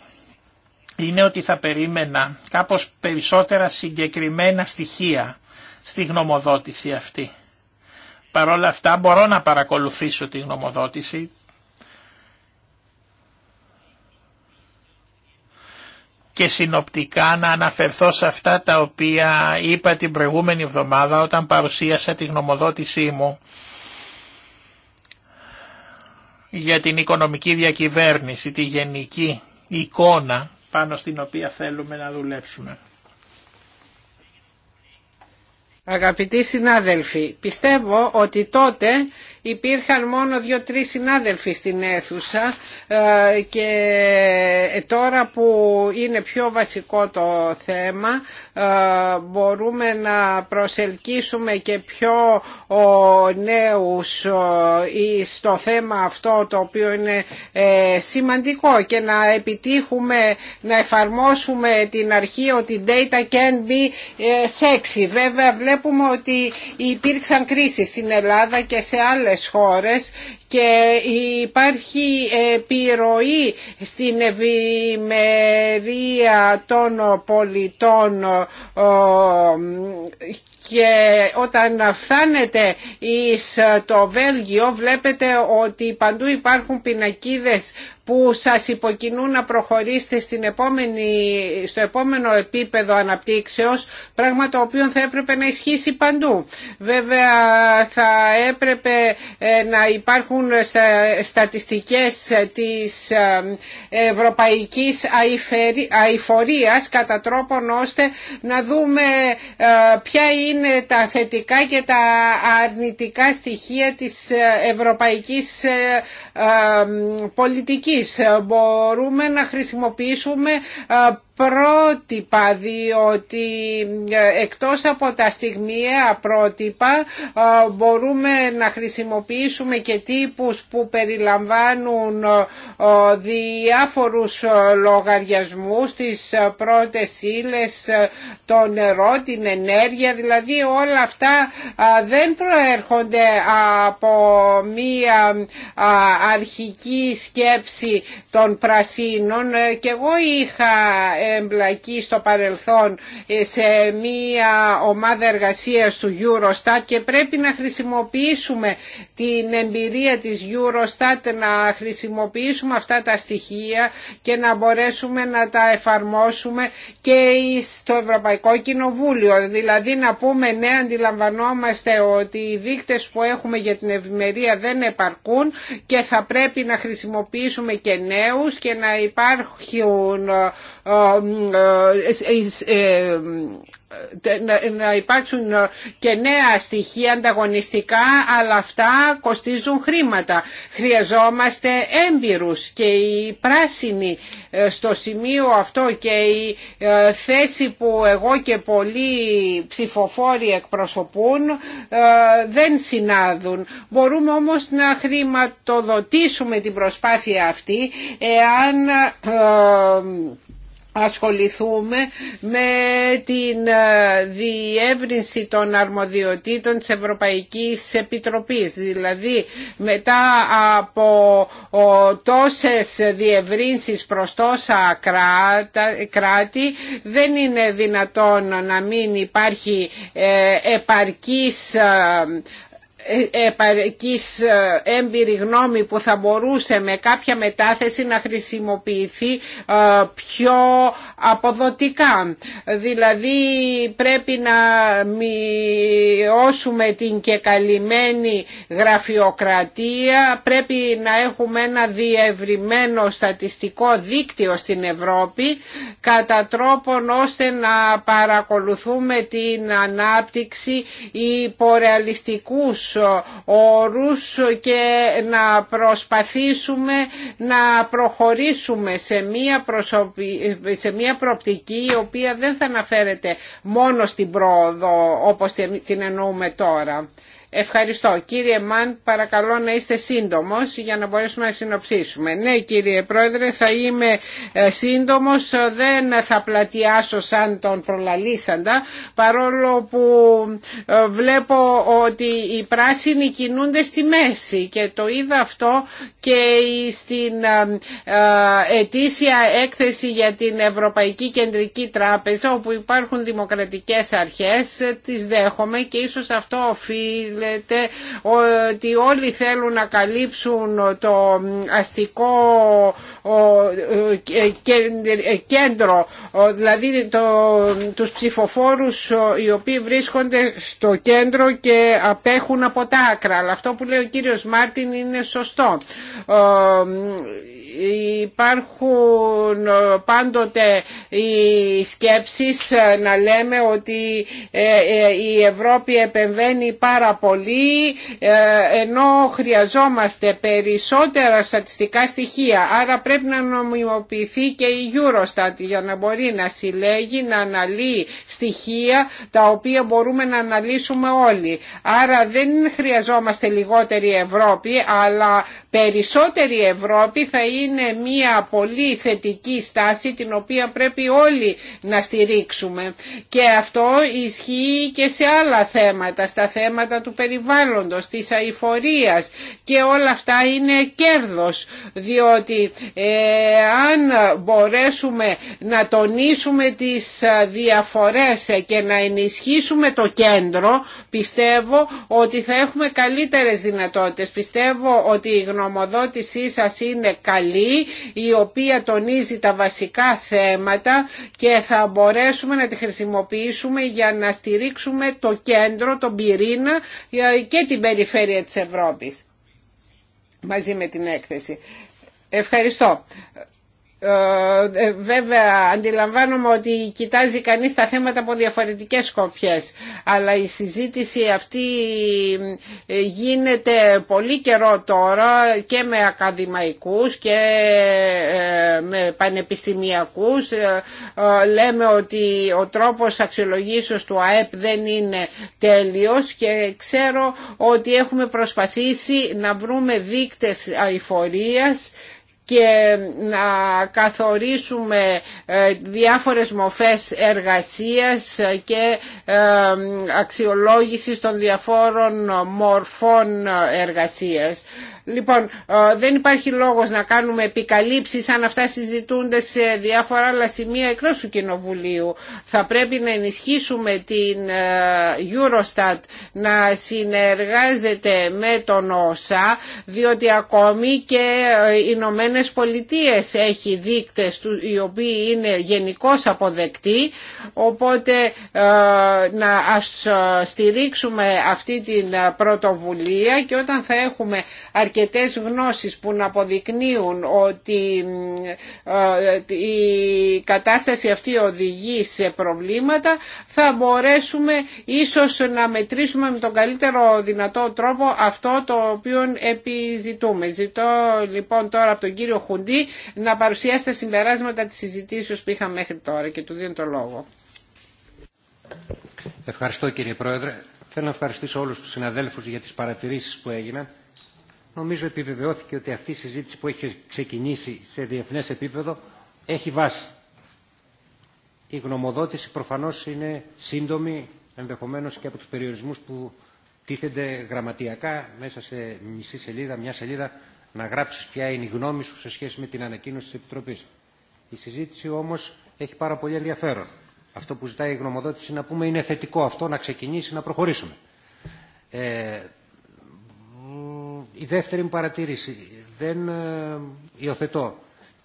είναι ότι θα περίμενα κάπως περισσότερα συγκεκριμένα στοιχεία στη γνωμοδότηση αυτή. Παρ' όλα αυτά μπορώ να παρακολουθήσω τη γνωμοδότηση, και συνοπτικά να αναφερθώ σε αυτά τα οποία είπα την προηγούμενη εβδομάδα όταν παρουσίασα τη γνωμοδότησή μου για την οικονομική διακυβέρνηση, τη γενική εικόνα πάνω στην οποία θέλουμε να δουλέψουμε. Αγαπητοί συνάδελφοι, πιστεύω ότι τότε υπήρχαν μόνο δύο-τρεις συνάδελφοι στην αίθουσα ε, και τώρα που είναι πιο βασικό το θέμα ε, μπορούμε να προσελκύσουμε και πιο νέους στο θέμα αυτό το οποίο είναι ε, σημαντικό και να επιτύχουμε να εφαρμόσουμε την αρχή ότι data can be sexy. Βέβαια βλέπουμε ότι υπήρξαν κρίσεις στην Ελλάδα και σε άλλες άλλες και υπάρχει επιρροή στην ευημερία των πολιτών και όταν φτάνετε εις ε, το Βέλγιο βλέπετε ότι παντού υπάρχουν πινακίδες που σας υποκινούν να προχωρήσετε στην επόμενη, στο επόμενο επίπεδο αναπτύξεως, πράγμα το οποίο θα έπρεπε να ισχύσει παντού. Βέβαια θα έπρεπε ε, να υπάρχουν στατιστικές της ε, ευρωπαϊκής αηφορίας κατά τρόπον ώστε να δούμε ποια είναι είναι τα θετικά και τα αρνητικά στοιχεία της ε, ευρωπαϊκής ε, ε, πολιτικής. Μπορούμε να χρησιμοποιήσουμε πρότυπα διότι ε, εκτός από τα στιγμιαία πρότυπα ε, μπορούμε να χρησιμοποιήσουμε και τύπους που περιλαμβάνουν ε, διάφορους λογαριασμούς τις πρώτες ύλες, το νερό, την ενέργεια δηλαδή όλα αυτά δεν προέρχονται από μία αρχική σκέψη των πρασίνων και εγώ είχα εμπλακεί στο παρελθόν ε, σε μία ομάδα εργασίας του Eurostat και πρέπει να χρησιμοποιήσουμε την εμπειρία της Eurostat, να χρησιμοποιήσουμε αυτά τα στοιχεία και να μπορέσουμε να τα εφαρμόσουμε και στο Ευρωπαϊκό Κοινοβούλιο. Δηλαδή να πούμε ναι αντιλαμβανόμαστε ότι οι δείκτες που έχουμε για την ευημερία δεν επαρκούν και θα πρέπει να χρησιμοποιήσουμε και νέους και να υπάρχουν ε, να υπάρξουν και νέα στοιχεία ανταγωνιστικά αλλά αυτά κοστίζουν χρήματα. Χρειαζόμαστε έμπειρους και οι πράσινοι ε, στο σημείο αυτό και η ε, θέση που εγώ και πολλοί ψηφοφόροι εκπροσωπούν ε, δεν συνάδουν. Μπορούμε όμως να χρηματοδοτήσουμε την προσπάθεια αυτή εάν ασχοληθούμε με την ε, διεύρυνση των αρμοδιοτήτων της Ευρωπαϊκής Επιτροπής. Δηλαδή μετά από τόσες διευρύνσεις προς τόσα κράτη δεν είναι δυνατόν να μην υπάρχει ε, επαρκής ε, επαρκής ε, έμπειρη γνώμη που θα μπορούσε με κάποια μετάθεση να χρησιμοποιηθεί ε, πιο αποδοτικά. Δηλαδή πρέπει να μειώσουμε την και γραφειοκρατία, πρέπει να έχουμε ένα διευρυμένο στατιστικό δίκτυο στην Ευρώπη κατά τρόπον ώστε να παρακολουθούμε την ανάπτυξη υπορεαλιστικούς όρους και να προσπαθήσουμε να προχωρήσουμε σε μια, προσωπικη σε μια μια προοπτική η οποία δεν θα αναφέρεται μόνο στην πρόοδο όπως την εννοούμε τώρα. Ευχαριστώ. Κύριε Μαν, παρακαλώ να είστε σύντομος για να μπορέσουμε να συνοψίσουμε. Ναι κύριε Πρόεδρε, θα είμαι ε, σύντομος, δεν θα πλατιάσω σαν τον προλαλήσαντα, παρόλο που ε, βλέπω ότι οι πράσινοι κινούνται στη μέση και το είδα αυτό και στην ε, ετήσια έκθεση για την Ευρωπαϊκή Κεντρική Τράπεζα όπου υπάρχουν δημοκρατικές αρχές, τις δέχομαι και ίσως αυτό οφείλει λέτε ότι όλοι θέλουν να καλύψουν το αστικό ε, ε, κέντρο, δηλαδή το, τους ψηφοφόρους οι οποίοι βρίσκονται στο κέντρο και απέχουν από τα άκρα. Αλλά αυτό που λέει ο κύριος Μάρτιν είναι σωστό υπάρχουν πάντοτε οι σκέψεις να λέμε ότι ε, η Ευρώπη επεμβαίνει πάρα πολύ πολύ ε, ενώ χρειαζόμαστε περισσότερα στατιστικά στοιχεία. Άρα πρέπει να νομιμοποιηθεί και η Eurostat για να μπορεί να συλλέγει, να αναλύει στοιχεία τα οποία μπορούμε να αναλύσουμε όλοι. Άρα δεν χρειαζόμαστε λιγότερη Ευρώπη αλλά περισσότερη Ευρώπη θα είναι μια πολύ θετική στάση την οποία πρέπει όλοι να στηρίξουμε. Και αυτό ισχύει και σε άλλα θέματα, στα θέματα του περιβάλλοντος, της αηφορίας και όλα αυτά είναι κέρδος διότι ε, αν μπορέσουμε να τονίσουμε τις διαφορές και να ενισχύσουμε το κέντρο πιστεύω ότι θα έχουμε καλύτερες δυνατότητες. Πιστεύω ότι η γνωμοδότησή σας είναι καλή η οποία τονίζει τα βασικά θέματα και θα μπορέσουμε να τη χρησιμοποιήσουμε για να στηρίξουμε το κέντρο, τον πυρήνα ε, και την περιφέρεια της Ευρώπης μαζί με την έκθεση. Ευχαριστώ. Ε, ε, βέβαια αντιλαμβάνομαι ότι κοιτάζει κανείς τα θέματα από διαφορετικές σκοπιές αλλά η συζήτηση αυτή ε, γίνεται πολύ καιρό τώρα και με ακαδημαϊκούς και με πανεπιστημιακούς λέμε ότι ο τρόπος αξιολογήσεως του ΑΕΠ δεν είναι τέλειος και ξέρω ότι έχουμε προσπαθήσει να βρούμε δείκτες αηφορίας και να καθορίσουμε ε, διάφορες μοφές εργασίας και ε, αξιολόγησης των διαφόρων μορφών εργασίας. Λοιπόν, ε, δεν υπάρχει λόγος να κάνουμε επικαλύψεις αν αυτά συζητούνται σε διάφορα άλλα σημεία εκτός του Κοινοβουλίου. Θα πρέπει να ενισχύσουμε την ε, Eurostat να συνεργάζεται με τον ΩΣΑ διότι ακόμη και ε, οι Ηνωμένε Πολιτείε έχει δείκτες οι οποίοι είναι γενικώ αποδεκτοί οπότε να ας στηρίξουμε αυτή την πρωτοβουλία και όταν θα έχουμε αρκετές γνώσεις που να αποδεικνύουν ε, ότι η κατάσταση αυτή οδηγεί σε προβλήματα θα μπορέσουμε ίσως να μετρήσουμε με τον καλύτερο δυνατό τρόπο αυτό το οποίο επιζητούμε. Ζητώ λοιπόν τώρα από τον κύριο Χουντή να παρουσιάσει τα συμπεράσματα της συζητήσεως που είχαμε μέχρι τώρα και του δίνω το λόγο. Ευχαριστώ κύριε Πρόεδρε. Θέλω να ευχαριστήσω όλους τους συναδέλφους για τις παρατηρήσεις που έγιναν νομίζω επιβεβαιώθηκε ότι αυτή η συζήτηση που έχει ξεκινήσει σε διεθνές επίπεδο έχει βάση. Η γνωμοδότηση προφανώς είναι σύντομη, ενδεχομένως και από τους περιορισμούς που τίθενται γραμματιακά μέσα σε μισή σελίδα, μια σελίδα, να γράψεις ποια είναι η γνώμη σου σε σχέση με την ανακοίνωση της Επιτροπής. Η συζήτηση όμως έχει πάρα πολύ ενδιαφέρον. Αυτό που ζητάει η γνωμοδότηση να πούμε είναι θετικό αυτό, να ξεκινήσει, να προχωρήσουμε. Ε, η δεύτερη μου παρατήρηση. Δεν ε, υιοθετώ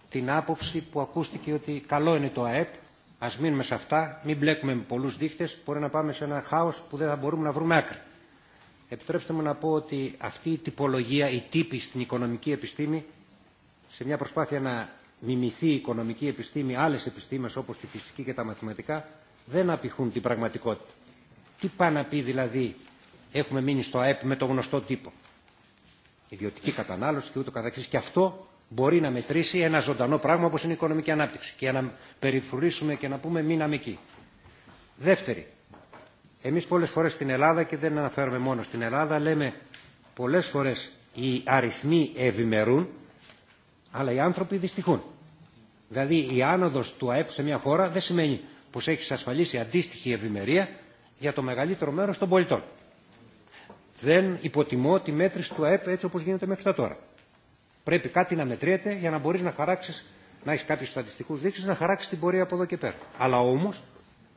την άποψη που ακούστηκε ότι καλό είναι το ΑΕΠ, α μείνουμε σε αυτά, μην μπλέκουμε με πολλού δείχτε, μπορεί να πάμε σε ένα χάο που δεν θα μπορούμε να βρούμε άκρη. Επιτρέψτε μου να πω ότι αυτή η τυπολογία, η τύπη στην οικονομική επιστήμη, σε μια προσπάθεια να μιμηθεί η οικονομική επιστήμη άλλε επιστήμε όπω τη φυσική και τα μαθηματικά, δεν απηχούν την πραγματικότητα. Τι πάει να πει δηλαδή έχουμε μείνει στο ΑΕΠ με το γνωστό τύπο ιδιωτική κατανάλωση και ούτω καθεξής. Και αυτό μπορεί να μετρήσει ένα ζωντανό πράγμα όπως είναι η οικονομική ανάπτυξη και να περιφρουρήσουμε και να πούμε μείναμε εκεί. Δεύτερη, εμείς πολλές φορές στην Ελλάδα και δεν αναφέρομαι μόνο στην Ελλάδα λέμε πολλές φορές οι αριθμοί ευημερούν αλλά οι άνθρωποι δυστυχούν. Δηλαδή η άνοδος του ΑΕΠ σε μια χώρα δεν σημαίνει πως έχει ασφαλίσει αντίστοιχη ευημερία για το μεγαλύτερο μέρος των πολιτών δεν υποτιμώ τη μέτρηση του ΑΕΠ έτσι όπως γίνεται μέχρι τώρα. Πρέπει κάτι να μετριέται για να μπορείς να χαράξεις, να έχεις κάποιους στατιστικούς δείξεις, να χαράξεις την πορεία από εδώ και πέρα. Αλλά όμως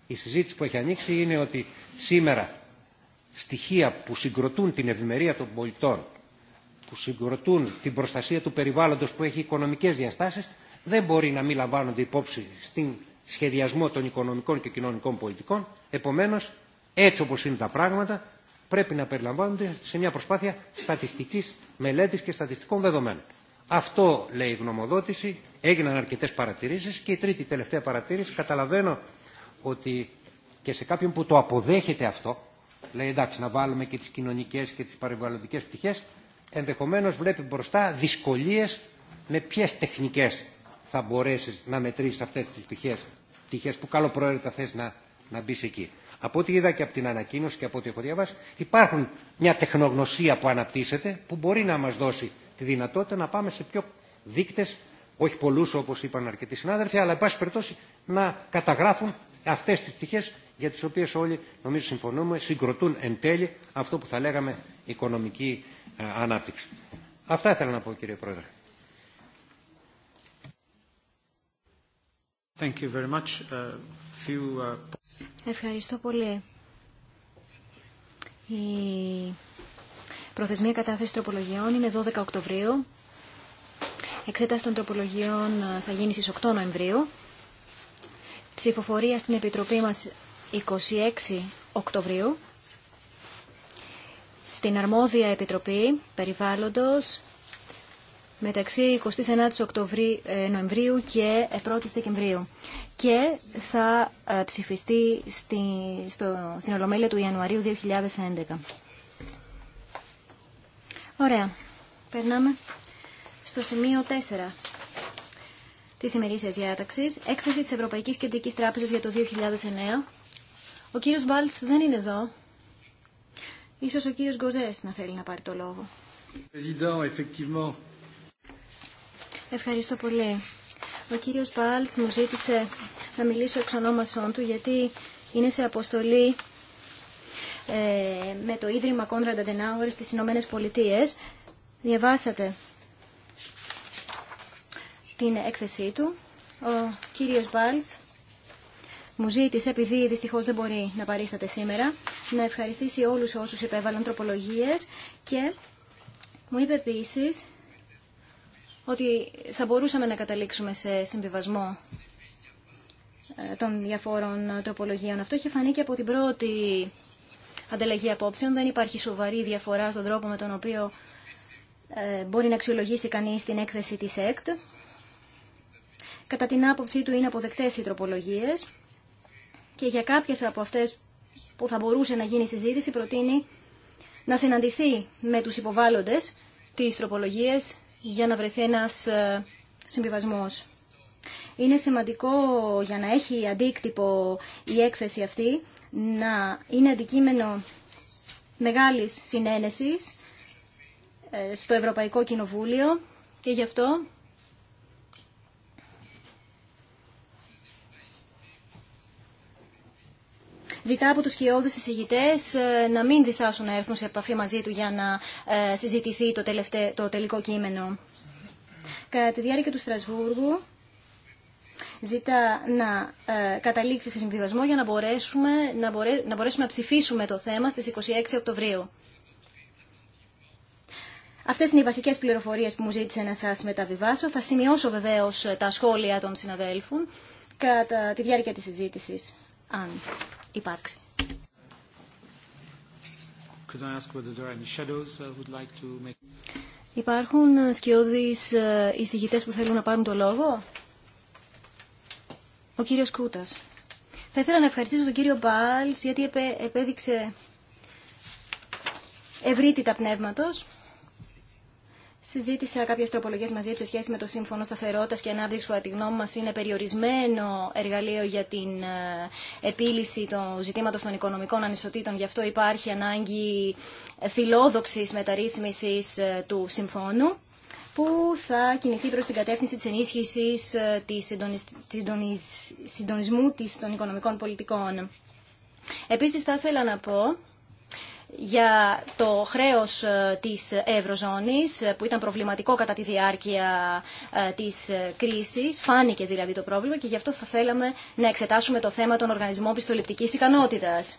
η συζήτηση που έχει ανοίξει είναι ότι σήμερα στοιχεία που συγκροτούν την ευημερία των πολιτών, που συγκροτούν την προστασία του περιβάλλοντος που έχει οικονομικές διαστάσεις, δεν μπορεί να μην λαμβάνονται υπόψη στην σχεδιασμό των οικονομικών και κοινωνικών πολιτικών. Επομένως, έτσι όπως είναι τα πράγματα, πρέπει να περιλαμβάνονται σε μια προσπάθεια στατιστικής μελέτης και στατιστικών δεδομένων. Αυτό λέει η γνωμοδότηση, έγιναν αρκετές παρατηρήσεις και η τρίτη τελευταία παρατήρηση καταλαβαίνω ότι και σε κάποιον που το αποδέχεται αυτό, λέει εντάξει να βάλουμε και τις κοινωνικές και τις παρεμβαλλοντικές πτυχές, ενδεχομένως βλέπει μπροστά δυσκολίες με ποιε τεχνικές θα μπορέσεις να μετρήσεις αυτές τις πτυχές, πτυχές που καλό θες να, να μπει εκεί. Από ό,τι είδα και από την ανακοίνωση και από ό,τι έχω διαβάσει, υπάρχουν μια τεχνογνωσία που αναπτύσσεται που μπορεί να μα δώσει τη δυνατότητα να πάμε σε πιο δείκτε, όχι πολλού όπω είπαν αρκετοί συνάδελφοι, αλλά εν πάση περιπτώσει να καταγράφουν αυτέ τι πτυχέ για τι οποίε όλοι νομίζω συμφωνούμε, συγκροτούν εν τέλει αυτό που θα λέγαμε οικονομική ε, ανάπτυξη. Αυτά ήθελα να πω κύριε Πρόεδρε. Thank you very much. Ε, Uh, Ευχαριστώ πολύ. Η προθεσμία κατάθεση τροπολογιών είναι 12 Οκτωβρίου. Εξέταση των τροπολογιών ε, θα γίνει στις 8 Νοεμβρίου. Ψηφοφορία στην Επιτροπή μας 26 Οκτωβρίου. Στην αρμόδια Επιτροπή Περιβάλλοντος μεταξύ 29 Οκτωβρίου, ε, Νοεμβρίου και 1 Δεκεμβρίου και θα ε, ψηφιστεί στη, στο, στην Ολομέλεια του Ιανουαρίου 2011. Ωραία. Περνάμε στο σημείο 4 της ημερήσιας διάταξης. Έκθεση της Ευρωπαϊκής Κεντρικής Τράπεζας για το 2009. Ο κύριος Μπάλτς δεν είναι εδώ. Ίσως ο κύριος Γκοζές να θέλει να πάρει το λόγο. Président, effectivement, Ευχαριστώ πολύ. Ο κύριος Πάλτς μου ζήτησε να μιλήσω εξ ονόμασών του γιατί είναι σε αποστολή ε, με το Ίδρυμα Κόντραντα Ντενάουερ στις Ηνωμένες Πολιτείες. Διαβάσατε την έκθεσή του. Ο κύριος Πάλτς μου ζήτησε, επειδή δυστυχώς δεν μπορεί να παρίσταται σήμερα, να ευχαριστήσει όλους όσους επέβαλαν τροπολογίες και μου είπε επίσης ότι θα μπορούσαμε να καταλήξουμε σε συμβιβασμό ε, των διαφόρων τροπολογίων. Αυτό έχει φανεί και από την πρώτη ανταλλαγή απόψεων. Δεν υπάρχει σοβαρή διαφορά στον τρόπο με τον οποίο ε, μπορεί να αξιολογήσει κανείς την έκθεση της ΕΚΤ. Κατά την άποψή του είναι αποδεκτές οι τροπολογίες και για κάποιες από αυτές που θα μπορούσε να γίνει συζήτηση προτείνει να συναντηθεί με τους υποβάλλοντες τις τροπολογίες για να βρεθεί ένας ε, συμβιβασμός. Είναι σημαντικό για να έχει αντίκτυπο η έκθεση αυτή να είναι αντικείμενο μεγάλης συνένεσης ε, στο Ευρωπαϊκό Κοινοβούλιο και γι' αυτό ζητά από τους χειόδους εισηγητές ε, να μην διστάσουν να έρθουν σε επαφή μαζί του για να ε, συζητηθεί το, τελευταίο, το τελικό κείμενο. Κατά τη διάρκεια του Στρασβούργου ζητά να ε, καταλήξει σε συμβιβασμό για να μπορέσουμε να, μπορέσουμε να ψηφίσουμε το θέμα στις 26 Οκτωβρίου. Αυτές είναι οι βασικές πληροφορίες που μου ζήτησε να σα μεταβιβάσω. Θα σημειώσω βεβαίω τα σχόλια των συναδέλφων κατά τη διάρκεια της συζήτησης. αν Uh, Υπάρχουν uh, σκιώδεις uh, εισηγητές που θέλουν να πάρουν το λόγο. Ο κύριος Κούτας. Θα ήθελα να ευχαριστήσω τον κύριο Μπάλς γιατί επέδειξε ευρύτητα πνεύματος. Συζήτησα κάποιε τροπολογίε μαζί του σε σχέση με το Σύμφωνο Σταθερότητα και Ανάπτυξη, που κατά τη γνώμη μα είναι περιορισμένο εργαλείο για την ε, επίλυση του ζητήματο των οικονομικών ανισοτήτων. Γι' αυτό υπάρχει ανάγκη ε, φιλόδοξη μεταρρύθμιση ε, του Συμφώνου που θα κινηθεί προς την κατεύθυνση της ενίσχυση της συντονισμού των οικονομικών πολιτικών. Επίσης θα ήθελα να πω για το χρέος ε, της Ευρωζώνης ε, που ήταν προβληματικό κατά τη διάρκεια ε, της κρίσης. Φάνηκε δηλαδή το πρόβλημα και γι' αυτό θα θέλαμε να εξετάσουμε το θέμα των οργανισμών πιστοληπτικής ικανότητας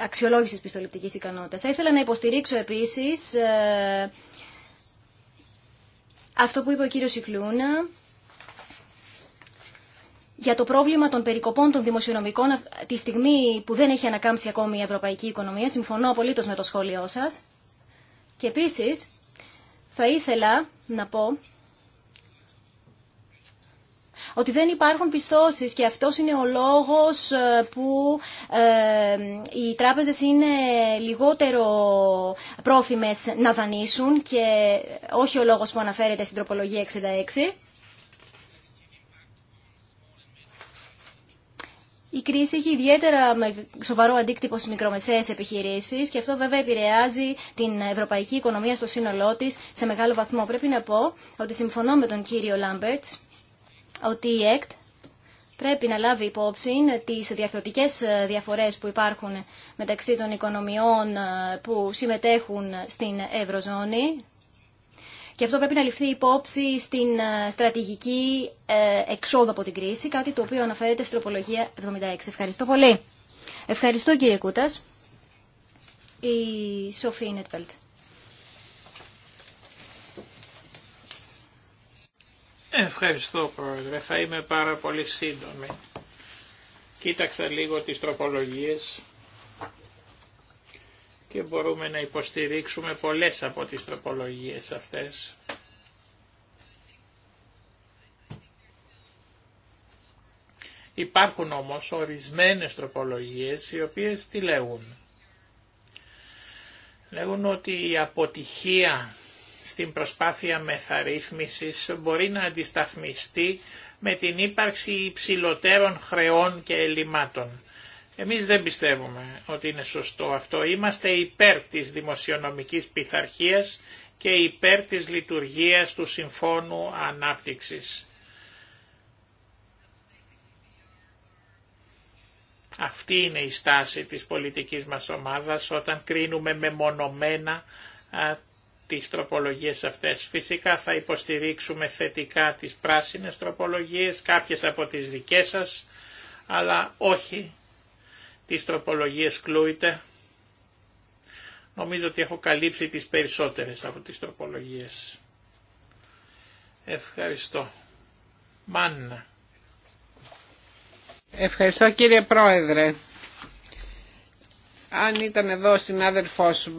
αξιολόγηση πιστοληπτικής ικανότητας. Θα ήθελα να υποστηρίξω επίσης αυτό που είπε ο κύριος Σικλούνα για το πρόβλημα των περικοπών των δημοσιονομικών τη στιγμή που δεν έχει ανακάμψει ακόμη η ευρωπαϊκή οικονομία. Συμφωνώ απολύτως με το σχόλιο σας. Και επίσης θα ήθελα να πω ότι δεν υπάρχουν πιστώσεις και αυτός είναι ο λόγος ε, που ε, οι τράπεζες είναι λιγότερο πρόθυμες να δανείσουν και όχι ο λόγος που αναφέρεται στην τροπολογία 66. η κρίση έχει ιδιαίτερα σοβαρό αντίκτυπο στις μικρομεσαίες επιχειρήσεις και αυτό βέβαια επηρεάζει την ευρωπαϊκή οικονομία στο σύνολό της σε μεγάλο βαθμό. Πρέπει να πω ότι συμφωνώ με τον κύριο Λάμπερτ ότι η ΕΚΤ πρέπει να λάβει υπόψη τις διαφορετικέ διαφορές που υπάρχουν μεταξύ των οικονομιών που συμμετέχουν στην Ευρωζώνη και αυτό πρέπει να ληφθεί υπόψη στην ε, στρατηγική ε, εξόδου από την κρίση, κάτι το οποίο αναφέρεται στην τροπολογία 76. Ευχαριστώ πολύ. Ευχαριστώ κύριε κούτα. Η Σοφή Νετβέλτ. Ευχαριστώ Πρόεδρε. Θα είμαι πάρα πολύ σύντομη. Κοίταξα λίγο τις τροπολογίες και μπορούμε να υποστηρίξουμε πολλές από τις τροπολογίες αυτές. Υπάρχουν όμως ορισμένες τροπολογίες οι οποίες τι λέγουν. Λέγουν ότι η αποτυχία στην προσπάθεια μεθαρρύθμισης μπορεί να αντισταθμιστεί με την ύπαρξη υψηλότερων χρεών και ελλημάτων. Εμείς δεν πιστεύουμε ότι είναι σωστό αυτό. Είμαστε υπέρ της δημοσιονομικής πειθαρχία και υπέρ της λειτουργίας του Συμφώνου Ανάπτυξης. Αυτή είναι η στάση της πολιτικής μας ομάδας όταν κρίνουμε μεμονωμένα α, τις τροπολογίες αυτές. Φυσικά θα υποστηρίξουμε θετικά τις πράσινες τροπολογίες, κάποιες από τις δικές σας, αλλά όχι τις τροπολογίες Κλούιτε. Νομίζω ότι έχω καλύψει τις περισσότερες από τις τροπολογίες. Ευχαριστώ. Μάννα. Ευχαριστώ κύριε Πρόεδρε αν ήταν εδώ ο συνάδελφος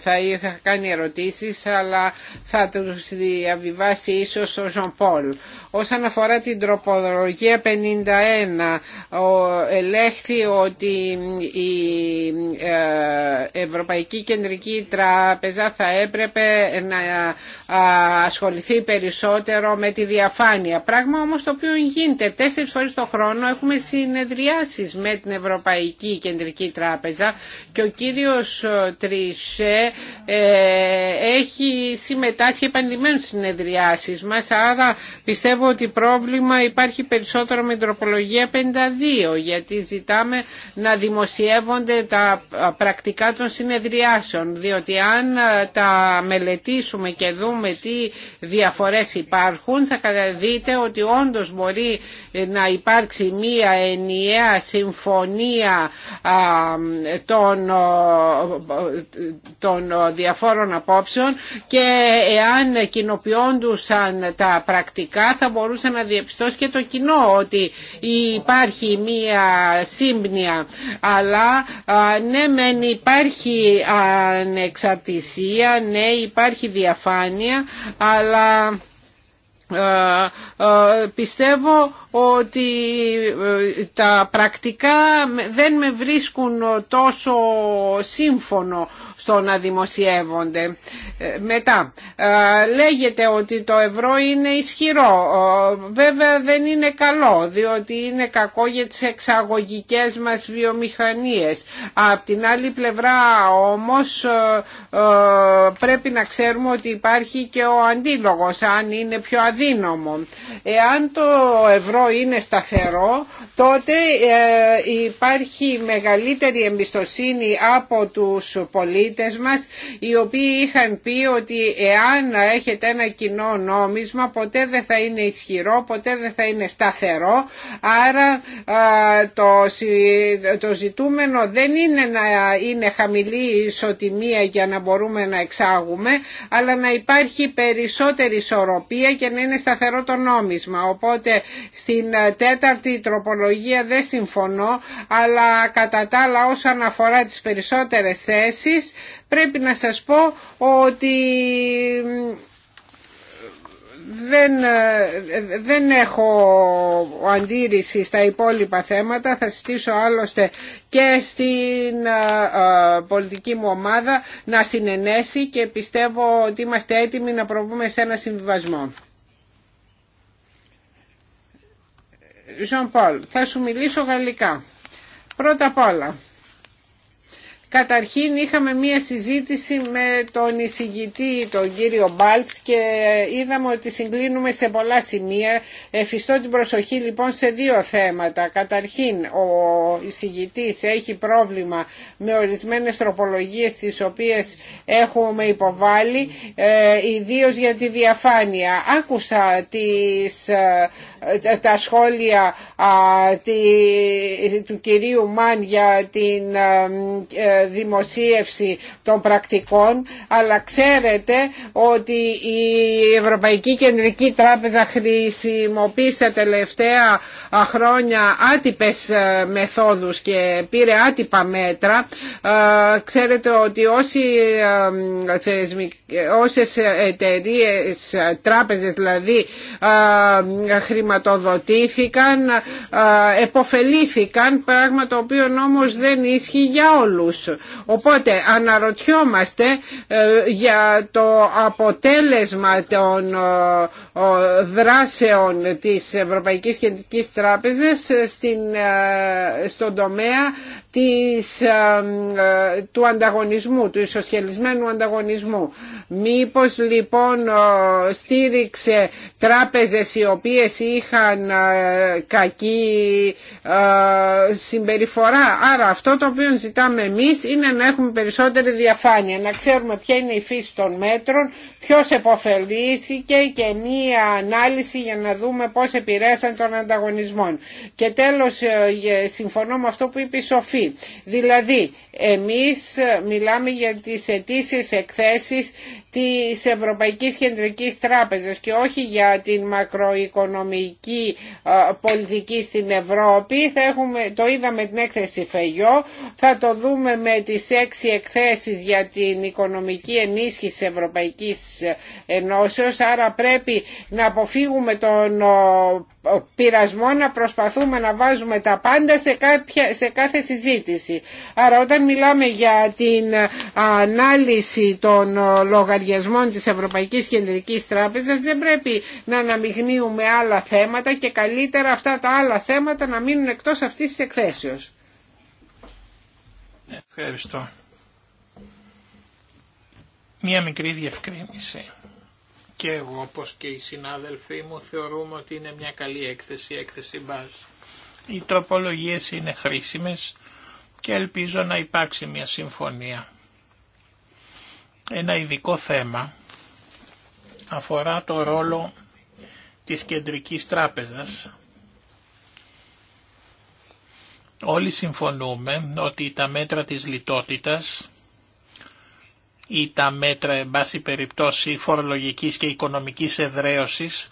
θα είχα κάνει ερωτήσεις αλλά θα τους διαβιβάσει ίσως ο Ζων Πολ. Όσον αφορά την τροπολογία 51 ελέγχθη ότι η ε, Ευρωπαϊκή Κεντρική Τραπεζά θα έπρεπε να ασχοληθεί περισσότερο με τη διαφάνεια. Πράγμα όμως το οποίο γίνεται τέσσερις φορές το χρόνο έχουμε συνεδριάσεις με την Ευρωπαϊκή Κεντρική Τράπεζα και ο κύριος ε, Τρίσε έχει συμμετάσχει επανειλημμένου στις συνεδριάσεις μας άρα πιστεύω ότι πρόβλημα υπάρχει περισσότερο με τροπολογία 52 γιατί ζητάμε να δημοσιεύονται τα πρακτικά των συνεδριάσεων διότι αν ε, τα μελετήσουμε και δούμε τι διαφορές υπάρχουν θα δείτε ότι όντως μπορεί να υπάρξει μία ενιαία συμφωνία των, των διαφόρων απόψεων και εάν κοινοποιόντουσαν τα πρακτικά θα μπορούσε να διεπιστώσει και το κοινό ότι υπάρχει μία σύμπνοια αλλά ναι μεν υπάρχει ανεξαρτησία, ναι υπάρχει διαφάνεια αλλά ε, ε, πιστεύω ότι ε, τα πρακτικά δεν με βρίσκουν τόσο σύμφωνο στο να δημοσιεύονται. Ε, μετά, ε, λέγεται ότι το ευρώ είναι ισχυρό. Βέβαια δεν είναι καλό, διότι είναι κακό για τις εξαγωγικές μας βιομηχανίες. Απ' την άλλη πλευρά όμως πρέπει να ξέρουμε ότι υπάρχει και ο αντίλογος, αν είναι πιο αδύναμο. Εάν το ευρώ είναι σταθερό, τότε ε, υπάρχει μεγαλύτερη εμπιστοσύνη από τους πολίτες μας, οι οποίοι είχαν πει ότι εάν έχετε ένα κοινό νόμισμα, ποτέ δεν θα είναι ισχυρό, ποτέ δεν θα είναι σταθερό, άρα το, το ζητούμενο δεν είναι να είναι χαμηλή ισοτιμία για να μπορούμε να εξάγουμε, αλλά να υπάρχει περισσότερη ισορροπία και να είναι σταθερό το νόμισμα. Οπότε την ε, τέταρτη τροπολογία δεν συμφωνώ, αλλά κατά τα άλλα όσον αφορά τις περισσότερες θέσεις πρέπει να σας πω ότι δεν, ε, δεν έχω αντίρρηση στα υπόλοιπα θέματα. Θα συστήσω άλλωστε και στην ε, πολιτική μου ομάδα να συνενέσει και πιστεύω ότι είμαστε έτοιμοι να προβούμε σε ένα συμβιβασμό. Ζων Πολ, θα σου μιλήσω γαλλικά. Πρώτα απ' όλα, Καταρχήν είχαμε μία συζήτηση με τον εισηγητή τον κύριο Μπάλτς και είδαμε ότι συγκλίνουμε σε πολλά σημεία. Εφιστώ την προσοχή λοιπόν σε δύο θέματα. Καταρχήν ο εισηγητής έχει πρόβλημα με ορισμένες τροπολογίες τις οποίες έχουμε υποβάλει ε, ιδίω για τη διαφάνεια. Άκουσα τις, ε, τα σχόλια του κυρίου Μαν για την ε, δημοσίευση των πρακτικών αλλά ξέρετε ότι η Ευρωπαϊκή Κεντρική Τράπεζα χρησιμοποίησε τα τελευταία χρόνια άτυπες ε, μεθόδους και πήρε άτυπα μέτρα ε, ξέρετε ότι όσοι ε, όσες εταιρείες τράπεζες δηλαδή χρηματοδοτήθηκαν εποφελήθηκαν πράγμα το οποίο όμως δεν ίσχυει για όλους Οπότε αναρωτιόμαστε ε, για το αποτέλεσμα των ε, δράσεων της Ευρωπαϊκής Κεντρικής Τράπεζας ε, στην, στον τομέα της, ε, του ανταγωνισμού, του ισοσχελισμένου ανταγωνισμού. Μήπως λοιπόν στήριξε τράπεζες οι οποίες είχαν ε, κακή ε, συμπεριφορά. Άρα αυτό το οποίο ζητάμε εμείς είναι να έχουμε περισσότερη διαφάνεια, να ξέρουμε ποια είναι η φύση των μέτρων, ποιος επωφελήθηκε και μία ανάλυση για να δούμε πώς επηρέασαν τον ανταγωνισμό. Και τέλος συμφωνώ με αυτό που είπε η Σοφή Δηλαδή, εμείς μιλάμε για τις αιτήσει εκθέσεις της Ευρωπαϊκής Κεντρικής Τράπεζας και όχι για την μακροοικονομική πολιτική στην Ευρώπη. Θα έχουμε, το είδαμε την έκθεση Φεγιό, θα το δούμε με τις έξι εκθέσεις για την οικονομική ενίσχυση της Ευρωπαϊκής Ενώσεως, άρα πρέπει να αποφύγουμε τον πειρασμό να προσπαθούμε να βάζουμε τα πάντα σε, σε κάθε συζήτηση Άρα όταν μιλάμε για την ε, ανάλυση των ε, λογαριασμών της Ευρωπαϊκής Κεντρικής Τράπεζας δεν πρέπει να αναμειγνύουμε άλλα θέματα και καλύτερα αυτά τα άλλα θέματα να μείνουν εκτός αυτής της εκθέσεως. Ευχαριστώ. Μία μικρή διευκρίνηση. Και εγώ όπως και οι συνάδελφοί μου θεωρούμε ότι είναι μια καλή έκθεση, έκθεση μπάζ. Οι τροπολογίες είναι χρήσιμες και ελπίζω να υπάρξει μια συμφωνία. Ένα ειδικό θέμα αφορά το ρόλο της Κεντρικής Τράπεζας. Όλοι συμφωνούμε ότι τα μέτρα της λιτότητας ή τα μέτρα εν πάση περιπτώσει φορολογικής και οικονομικής εδραίωσης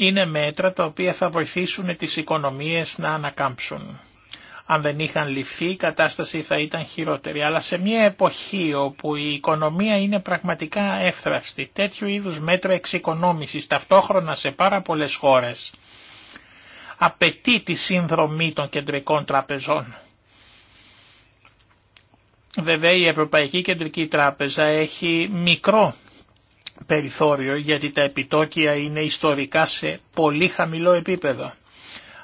είναι μέτρα τα οποία θα βοηθήσουν τις οικονομίες να ανακάμψουν. Αν δεν είχαν ληφθεί η κατάσταση θα ήταν χειρότερη. Αλλά σε μια εποχή όπου η οικονομία είναι πραγματικά εύθραυστη, τέτοιου είδους μέτρα εξοικονόμησης ταυτόχρονα σε πάρα πολλές χώρες, απαιτεί τη σύνδρομή των κεντρικών τραπεζών. Βέβαια η Ευρωπαϊκή Κεντρική Τράπεζα έχει μικρό περιθώριο γιατί τα επιτόκια είναι ιστορικά σε πολύ χαμηλό επίπεδο.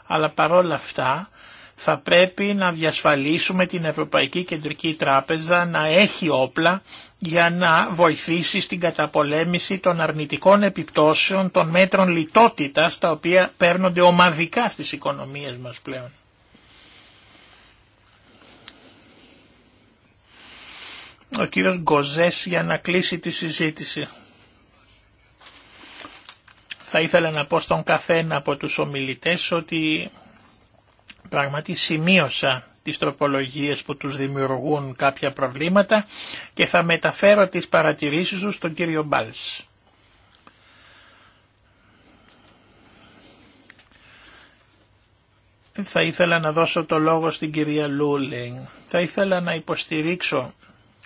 Αλλά παρόλα αυτά θα πρέπει να διασφαλίσουμε την Ευρωπαϊκή Κεντρική Τράπεζα να έχει όπλα για να βοηθήσει στην καταπολέμηση των αρνητικών επιπτώσεων των μέτρων λιτότητας τα οποία παίρνονται ομαδικά στις οικονομίες μας πλέον. Ο κύριος Γκοζές για να κλείσει τη συζήτηση. Θα ήθελα να πω στον καθένα από τους ομιλητές ότι πράγματι σημείωσα τις τροπολογίες που τους δημιουργούν κάποια προβλήματα και θα μεταφέρω τις παρατηρήσεις τους στον κύριο Μπάλς. Θα ήθελα να δώσω το λόγο στην κυρία Λούλινγκ. Θα ήθελα να υποστηρίξω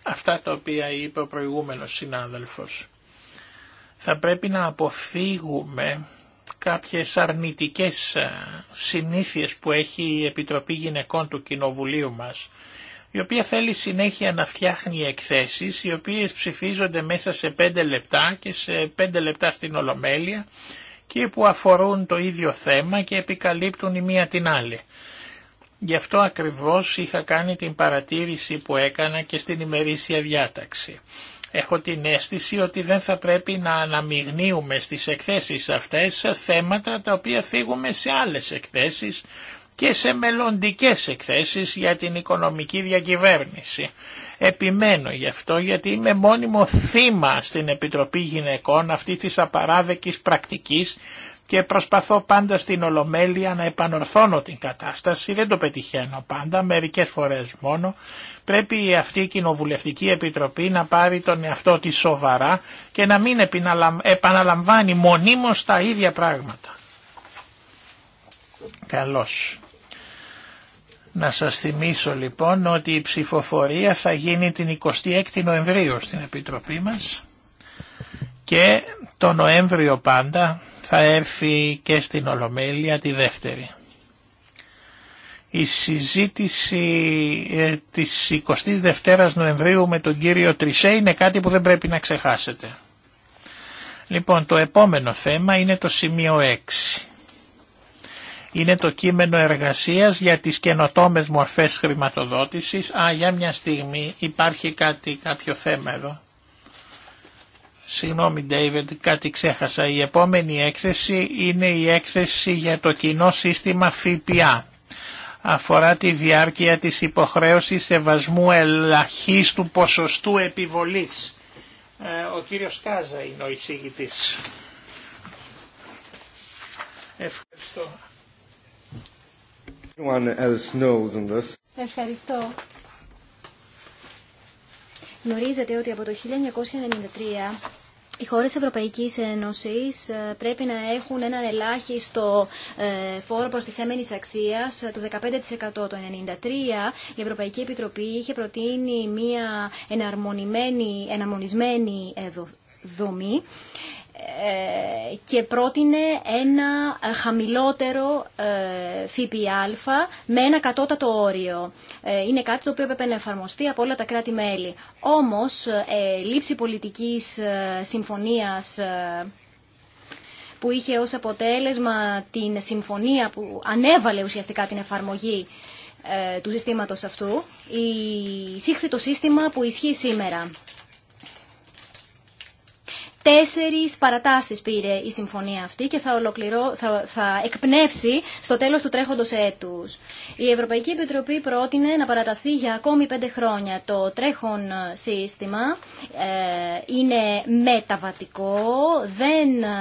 αυτά τα οποία είπε ο προηγούμενος συνάδελφος θα πρέπει να αποφύγουμε κάποιες αρνητικές ε, συνήθειες που έχει η Επιτροπή Γυναικών του Κοινοβουλίου μας, η οποία θέλει συνέχεια να φτιάχνει εκθέσεις, οι οποίες ψηφίζονται μέσα σε πέντε λεπτά και σε πέντε λεπτά στην Ολομέλεια και που αφορούν το ίδιο θέμα και επικαλύπτουν η μία την άλλη. Γι' αυτό ακριβώς είχα κάνει την παρατήρηση που έκανα και στην ημερήσια διάταξη έχω την αίσθηση ότι δεν θα πρέπει να αναμειγνύουμε στις εκθέσεις αυτές θέματα τα οποία φύγουμε σε άλλες εκθέσεις και σε μελλοντικέ εκθέσεις για την οικονομική διακυβέρνηση. Επιμένω γι' αυτό γιατί είμαι μόνιμο θύμα στην Επιτροπή Γυναικών αυτή της απαράδεκης πρακτικής και προσπαθώ πάντα στην Ολομέλεια να επανορθώνω την κατάσταση, δεν το πετυχαίνω πάντα, μερικές φορές μόνο. Πρέπει αυτή η Κοινοβουλευτική Επιτροπή να πάρει τον εαυτό της σοβαρά και να μην επαναλαμβάνει μονίμως τα ίδια πράγματα. Καλώς. Να σας θυμίσω λοιπόν ότι η ψηφοφορία θα γίνει την 26η Νοεμβρίου στην Επιτροπή μας και το Νοέμβριο πάντα θα έρθει και στην Ολομέλεια τη δεύτερη. Η συζήτηση ε, της 22ης Νοεμβρίου με τον κύριο Τρισέ είναι κάτι που δεν πρέπει να ξεχάσετε. Λοιπόν, το επόμενο θέμα είναι το σημείο 6. Είναι το κείμενο εργασίας για τις καινοτόμες μορφές χρηματοδότησης. Α, για μια στιγμή υπάρχει κάτι, κάποιο θέμα εδώ. Συγγνώμη David, κάτι ξέχασα. Η επόμενη έκθεση είναι η έκθεση για το κοινό σύστημα ΦΠΑ. Αφορά τη διάρκεια της υποχρέωσης σεβασμού ελαχίστου ποσοστού επιβολής. Ε, ο κύριος Κάζα είναι ο εισηγητής. Ευχαριστώ. Ευχαριστώ. Γνωρίζετε ότι από το 1993 οι χώρες Ευρωπαϊκής Ένωσης ε, πρέπει να έχουν έναν ελάχιστο ε, φόρο προστιθέμενης αξίας ε, του 15%. Το 1993 η Ευρωπαϊκή Επιτροπή είχε προτείνει μια εναρμονισμένη δομή ε, και πρότεινε ένα χαμηλότερο ε, ΦΠΑ με ένα κατώτατο όριο. Ε, είναι κάτι το οποίο έπρεπε να εφαρμοστεί από όλα τα κράτη-μέλη. Όμως, λήψη πολιτικής συμφωνίας που είχε ως αποτέλεσμα την συμφωνία που ανέβαλε ουσιαστικά την εφαρμογή του συστήματος αυτού, εισήχθη το σύστημα που ισχύει σήμερα. Τέσσερις παρατάσεις πήρε η συμφωνία αυτή και θα, ολοκληρώ, θα, θα εκπνεύσει στο τέλος του τρέχοντος έτου. Η Ευρωπαϊκή Επιτροπή πρότεινε να παραταθεί για ακόμη πέντε χρόνια. Το τρέχον σύστημα ε, είναι μεταβατικό, δεν ε,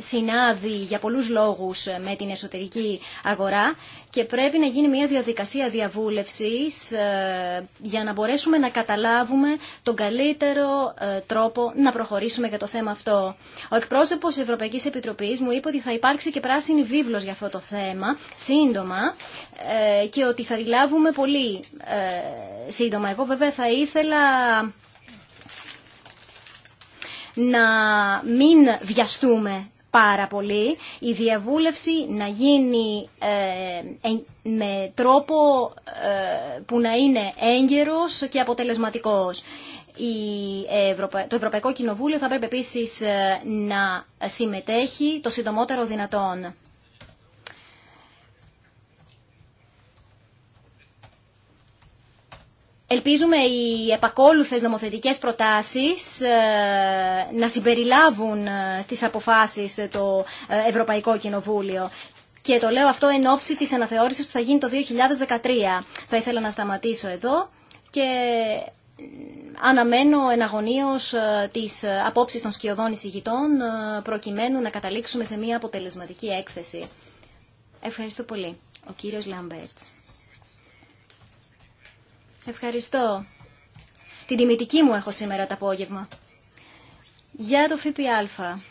συνάδει για πολλούς λόγους με την εσωτερική αγορά και πρέπει να γίνει μια διαδικασία διαβούλευσης ε, για να μπορέσουμε να καταλάβουμε τον καλύτερο ε, τρόπο να προχωρήσουμε για το θέμα αυτό. Ο εκπρόσωπος Ευρωπαϊκής Επιτροπής μου είπε ότι θα υπάρξει και πράσινη βίβλος για αυτό το θέμα σύντομα ε, και ότι θα τη λάβουμε πολύ σύντομα. Εγώ βέβαια θα ήθελα να μην βιαστούμε πάρα πολύ η διαβούλευση να γίνει ε, με τρόπο ε, που να είναι έγκαιρος και αποτελεσματικός. Ε, το Ευρωπαϊκό Κοινοβούλιο θα πρέπει επίσης να συμμετέχει το συντομότερο δυνατόν. Ελπίζουμε οι επακόλουθες νομοθετικές προτάσεις ε, να συμπεριλάβουν ε, στις αποφάσεις ε, το Ευρωπαϊκό Κοινοβούλιο. Και το λέω αυτό εν ώψη της αναθεώρησης που θα γίνει το 2013. Θα ήθελα να σταματήσω εδώ και αναμένω εναγωνίως τις απόψεις των σκιωδών εισηγητών προκειμένου να καταλήξουμε σε μια αποτελεσματική έκθεση. Ευχαριστώ πολύ. Ο κύριος Λαμπέρτς. Ευχαριστώ. Την τιμητική μου έχω σήμερα το απόγευμα. Για το ΦΠΑ.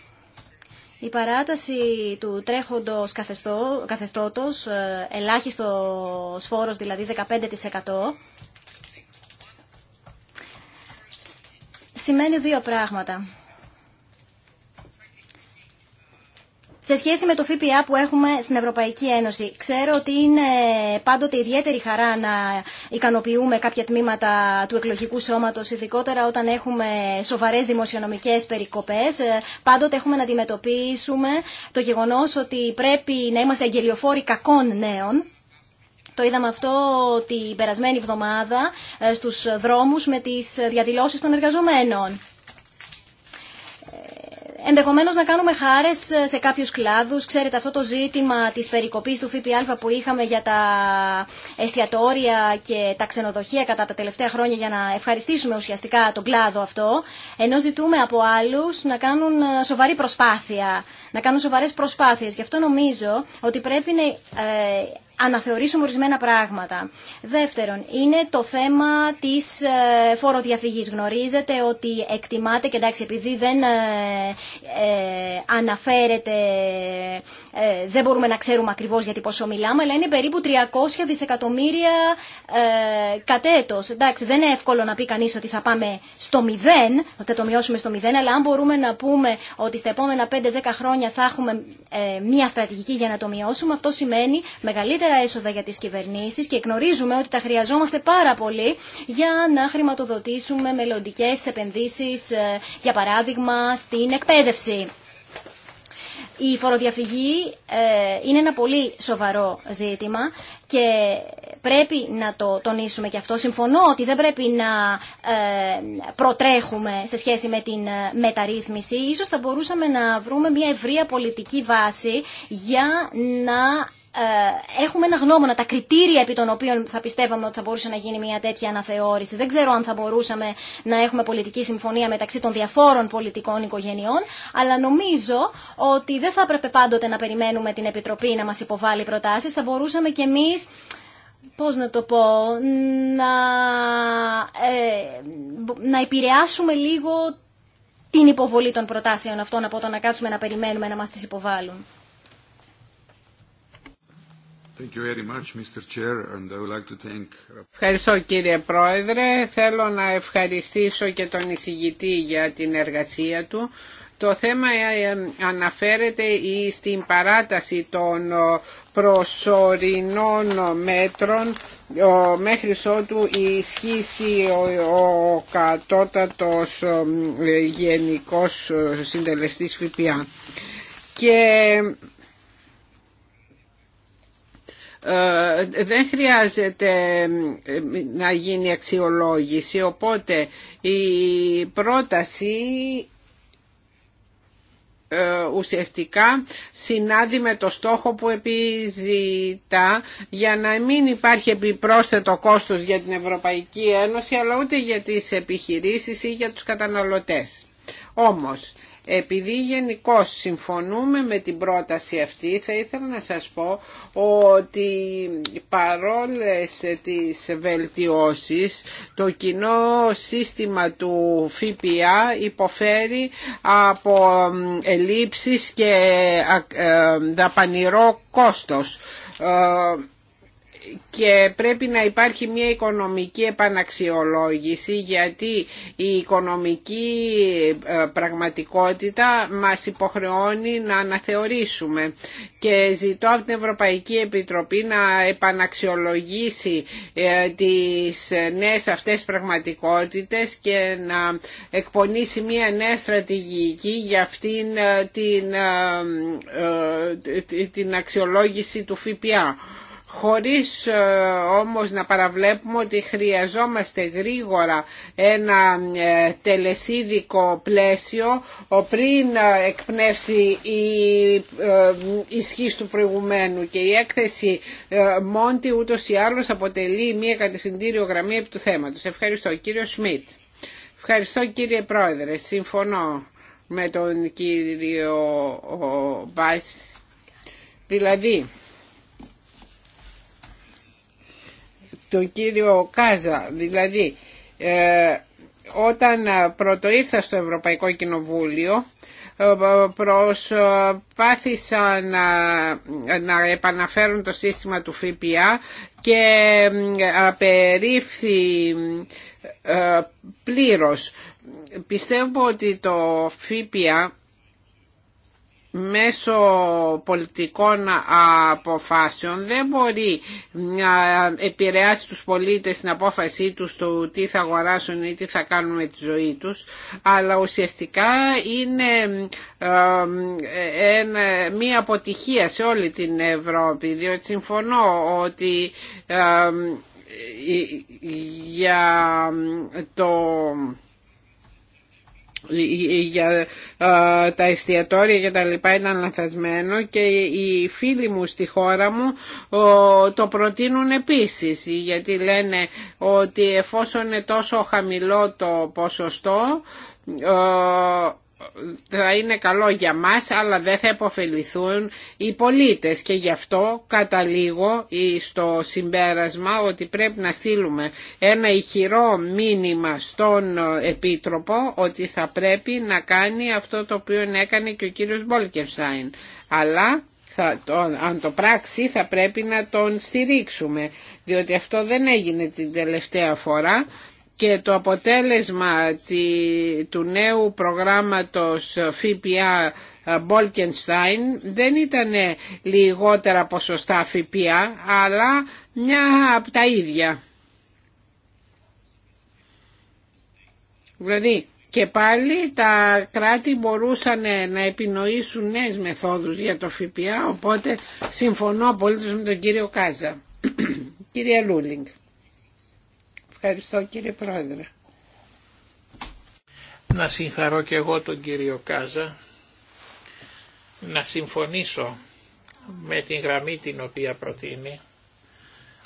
Η παράταση του τρέχοντος καθεστώ, καθεστώτος, ε, ελάχιστο φόρος δηλαδή 15%, σημαίνει δύο πράγματα. σε σχέση με το ΦΠΑ που έχουμε στην Ευρωπαϊκή Ένωση. Ξέρω ότι είναι πάντοτε ιδιαίτερη χαρά να ικανοποιούμε κάποια τμήματα του εκλογικού σώματος, ειδικότερα όταν έχουμε σοβαρές δημοσιονομικές περικοπές. Ε, πάντοτε έχουμε να αντιμετωπίσουμε το γεγονός ότι πρέπει να είμαστε αγγελιοφόροι κακών νέων, το είδαμε αυτό την περασμένη εβδομάδα ε, στους δρόμους με τις διαδηλώσεις των εργαζομένων. Ενδεχομένω να κάνουμε χάρες σε κάποιους κλάδους. Ξέρετε αυτό το ζήτημα της περικοπής του ΦΠΑ που είχαμε για τα εστιατόρια και τα ξενοδοχεία κατά τα τελευταία χρόνια για να ευχαριστήσουμε ουσιαστικά τον κλάδο αυτό, ενώ ζητούμε από άλλους να κάνουν ε, σοβαρή προσπάθεια, να κάνουν σοβαρές προσπάθειες. Γι' αυτό νομίζω ότι πρέπει να ε, αναθεωρήσουμε ορισμένα πράγματα. Δεύτερον, είναι το θέμα της ε, φοροδιαφυγής. Γνωρίζετε ότι εκτιμάται και εντάξει επειδή δεν ε, ε, αναφέρεται ε, δεν μπορούμε να ξέρουμε ακριβώ γιατί πόσο μιλάμε, αλλά είναι περίπου 300 δισεκατομμύρια ε, κατ' έτο. Εντάξει, δεν είναι εύκολο να πει κανεί ότι θα πάμε στο μηδέν, ότι θα το μειώσουμε στο μηδέν, αλλά αν μπορούμε να πούμε ότι στα επόμενα 5-10 χρόνια θα έχουμε ε, μία στρατηγική για να το μειώσουμε, αυτό σημαίνει μεγαλύτερα έσοδα για τι κυβερνήσει και γνωρίζουμε ότι τα χρειαζόμαστε πάρα πολύ για να χρηματοδοτήσουμε μελλοντικέ επενδύσει, ε, για παράδειγμα, στην εκπαίδευση. Η φοροδιαφυγή ε, είναι ένα πολύ σοβαρό ζήτημα και πρέπει να το τονίσουμε και αυτό. Συμφωνώ ότι δεν πρέπει να ε, προτρέχουμε σε σχέση με την ε, μεταρρύθμιση. Ίσως θα μπορούσαμε να βρούμε μια ευρεία πολιτική βάση για να ε, έχουμε ένα γνώμονα, τα κριτήρια επί των οποίων θα πιστεύαμε ότι θα μπορούσε να γίνει μια τέτοια αναθεώρηση. Δεν ξέρω αν θα μπορούσαμε να έχουμε πολιτική συμφωνία μεταξύ των διαφόρων πολιτικών οικογενειών, αλλά νομίζω ότι δεν θα έπρεπε πάντοτε να περιμένουμε την Επιτροπή να μας υποβάλει προτάσεις. Θα μπορούσαμε κι εμείς πώς να το πω, να, ε, να επηρεάσουμε λίγο την υποβολή των προτάσεων αυτών από το να κάτσουμε να περιμένουμε να μας τις υποβάλουν. Ευχαριστώ κύριε Πρόεδρε. Θέλω να ευχαριστήσω και τον εισηγητή για την εργασία του. Το θέμα ε, ε, αναφέρεται στην παράταση των προσωρινών μέτρων μέχρι ότου ισχύσει ο, ο κατώτατος γενικός συντελεστής ΦΠΑ. Και ε, δεν χρειάζεται να γίνει αξιολόγηση οπότε η πρόταση ε, ουσιαστικά συνάδει με το στόχο που επιζητά για να μην υπάρχει επιπρόσθετο κόστος για την Ευρωπαϊκή Ένωση αλλά ούτε για τις επιχειρήσεις ή για τους καταναλωτές. Όμως επειδή γενικώ συμφωνούμε με την πρόταση αυτή, θα ήθελα να σας πω ότι παρόλες τις βελτιώσεις, το κοινό σύστημα του ΦΠΑ υποφέρει από ελλείψεις και ε, δαπανηρό κόστος. Ε, και πρέπει να υπάρχει μια οικονομική επαναξιολόγηση γιατί η οικονομική ε, πραγματικότητα μας υποχρεώνει να αναθεωρήσουμε και ζητώ από την Ευρωπαϊκή Επιτροπή να επαναξιολογήσει ε, τις νέες αυτές πραγματικότητες και να εκπονήσει μια νέα στρατηγική για αυτήν ε, την, την αξιολόγηση του ΦΠΑ χωρίς ε, όμως να παραβλέπουμε ότι χρειαζόμαστε γρήγορα ένα ε, τελεσίδικο πλαίσιο πριν ε, εκπνεύσει η ισχύ του προηγουμένου και η έκθεση Μόντι ούτως ή άλλως αποτελεί μια κατευθυντήριο γραμμή επί του θέματος. Ευχαριστώ κύριο Σμιτ. Ευχαριστώ κύριε Πρόεδρε. Συμφωνώ με τον κύριο Μπάις. Δηλαδή, τον κύριο Κάζα. Δηλαδή, ε, όταν πρωτοήρθα στο Ευρωπαϊκό Κοινοβούλιο, ε, προσπάθησαν να, να επαναφέρουν το σύστημα του ΦΠΑ και ε, απερίφθη πλήρως. Πιστεύω ότι το ΦΠΑ μέσω πολιτικών αποφάσεων δεν μπορεί να επηρεάσει τους πολίτες στην απόφασή τους το τι θα αγοράσουν ή τι θα κάνουν με τη ζωή τους αλλά ουσιαστικά είναι μία αποτυχία σε όλη την Ευρώπη διότι συμφωνώ ότι για το για τα εστιατόρια και τα λοιπά ήταν λαθασμένο και οι φίλοι μου στη χώρα μου το προτείνουν επίσης γιατί λένε ότι εφόσον είναι τόσο χαμηλό το ποσοστό θα είναι καλό για μας αλλά δεν θα επωφεληθούν οι πολίτες και γι' αυτό καταλήγω στο συμπέρασμα ότι πρέπει να στείλουμε ένα ηχηρό μήνυμα στον Επίτροπο ότι θα πρέπει να κάνει αυτό το οποίο έκανε και ο κύριος Μπόλκερστάιν αλλά αν το πράξει θα πρέπει να τον στηρίξουμε διότι αυτό δεν έγινε την τελευταία φορά και το αποτέλεσμα του νέου προγράμματος ΦΠΑ μπολκενσταιν δεν ήταν λιγότερα ποσοστά ΦΠΑ αλλά μια από τα ίδια. Δηλαδή και πάλι τα κράτη μπορούσαν να επινοήσουν νέες μεθόδους για το ΦΠΑ οπότε συμφωνώ απολύτως με τον κύριο Κάζα. Κύριε Λούλινγκ. Ευχαριστώ κύριε Πρόεδρε. Να συγχαρώ και εγώ τον κύριο Κάζα, να συμφωνήσω με την γραμμή την οποία προτείνει,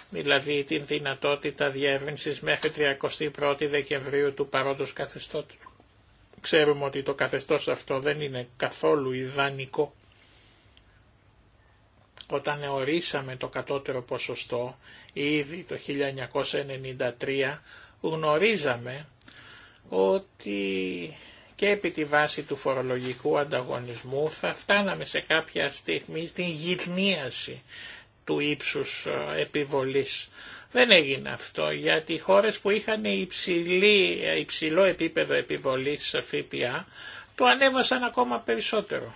δηλαδή την δυνατότητα διεύρυνσης μέχρι 31 Δεκεμβρίου του παρόντος καθεστώτου. Ξέρουμε ότι το καθεστώς αυτό δεν είναι καθόλου ιδανικό όταν ορίσαμε το κατώτερο ποσοστό ήδη το 1993 γνωρίζαμε ότι και επί τη βάση του φορολογικού ανταγωνισμού θα φτάναμε σε κάποια στιγμή στην γυρνίαση του ύψους ε, επιβολής. Δεν έγινε αυτό γιατί οι χώρες που είχαν υψηλή, ε, υψηλό επίπεδο επιβολής ΦΠΑ ε, το ανέβασαν ακόμα περισσότερο.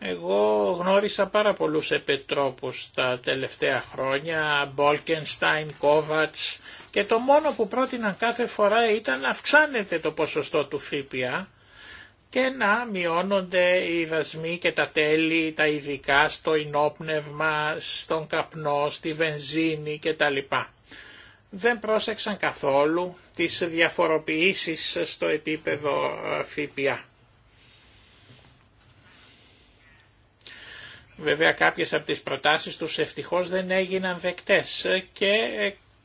Εγώ γνώρισα πάρα πολλούς επιτρόπους τα τελευταία χρόνια, Μπόλκενστάιν, Κόβατς και το μόνο που πρότειναν κάθε φορά ήταν να αυξάνεται το ποσοστό του ΦΠΑ και να μειώνονται οι δασμοί και τα τέλη, τα ειδικά στο ενόπνευμα, στον καπνό, στη βενζίνη κτλ. Δεν πρόσεξαν καθόλου τις διαφοροποιήσεις στο επίπεδο ε, ΦΠΑ. Βέβαια κάποιες από τις προτάσεις τους ευτυχώς δεν έγιναν δεκτές και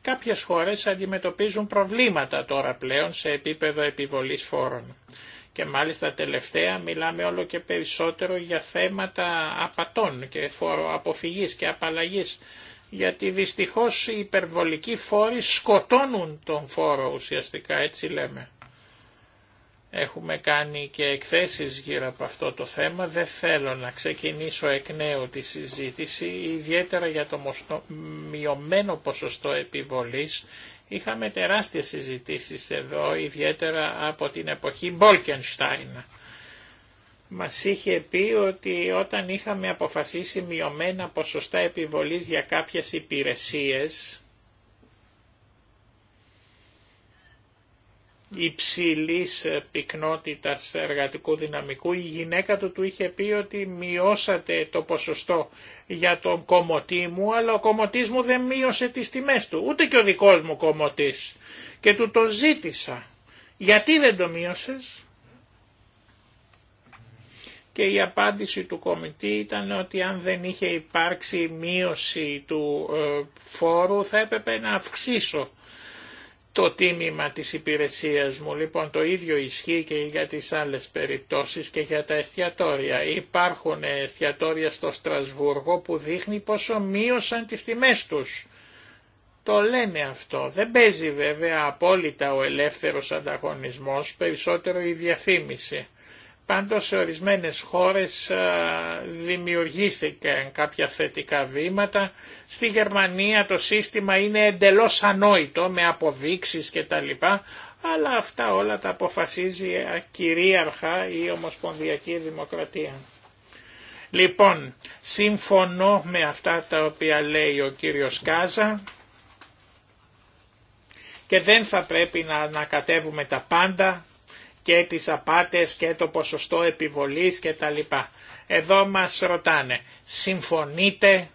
κάποιες χώρες αντιμετωπίζουν προβλήματα τώρα πλέον σε επίπεδο επιβολής φόρων. Και μάλιστα τελευταία μιλάμε όλο και περισσότερο για θέματα απατών και φοροαποφυγής και απαλλαγής γιατί δυστυχώς οι υπερβολικοί φόροι σκοτώνουν τον φόρο ουσιαστικά έτσι λέμε. Έχουμε κάνει και εκθέσεις γύρω από αυτό το θέμα. Δεν θέλω να ξεκινήσω εκ νέου τη συζήτηση, ιδιαίτερα για το μειωμένο ποσοστό επιβολής. Είχαμε τεράστιες συζητήσεις εδώ, ιδιαίτερα από την εποχή Μπόλκενστάινα. Μας είχε πει ότι όταν είχαμε αποφασίσει μειωμένα ποσοστά επιβολής για κάποιες υπηρεσίες, υψηλής ε, πυκνότητας εργατικού δυναμικού. Η γυναίκα του του είχε πει ότι μειώσατε το ποσοστό για τον κομωτή μου, αλλά ο κομωτής μου δεν μείωσε τις τιμές του, ούτε και ο δικός μου κομωτής. Και του το ζήτησα. Γιατί δεν το μείωσες? Και η απάντηση του κομιτή ήταν ότι αν δεν είχε υπάρξει μείωση του ε, φόρου θα έπρεπε να αυξήσω το τίμημα της υπηρεσίας μου. Λοιπόν το ίδιο ισχύει και για τις άλλες περιπτώσεις και για τα εστιατόρια. Υπάρχουν εστιατόρια στο Στρασβούργο που δείχνει πόσο μείωσαν τις τιμές τους. Το λένε αυτό. Δεν παίζει βέβαια απόλυτα ο ελεύθερος ανταγωνισμός, περισσότερο η διαφήμιση. Πάντως σε ορισμένες χώρες δημιουργήθηκαν κάποια θετικά βήματα. Στη Γερμανία το σύστημα είναι εντελώς ανόητο με αποδείξεις κτλ. Αλλά αυτά όλα τα αποφασίζει κυρίαρχα η Ομοσπονδιακή Δημοκρατία. Λοιπόν, συμφωνώ με αυτά τα οποία λέει ο κύριος Κάζα και δεν θα πρέπει να ανακατεύουμε τα πάντα και τις απάτες και το ποσοστό επιβολής και τα λοιπά. Εδώ μας ρωτάνε, συμφωνείτε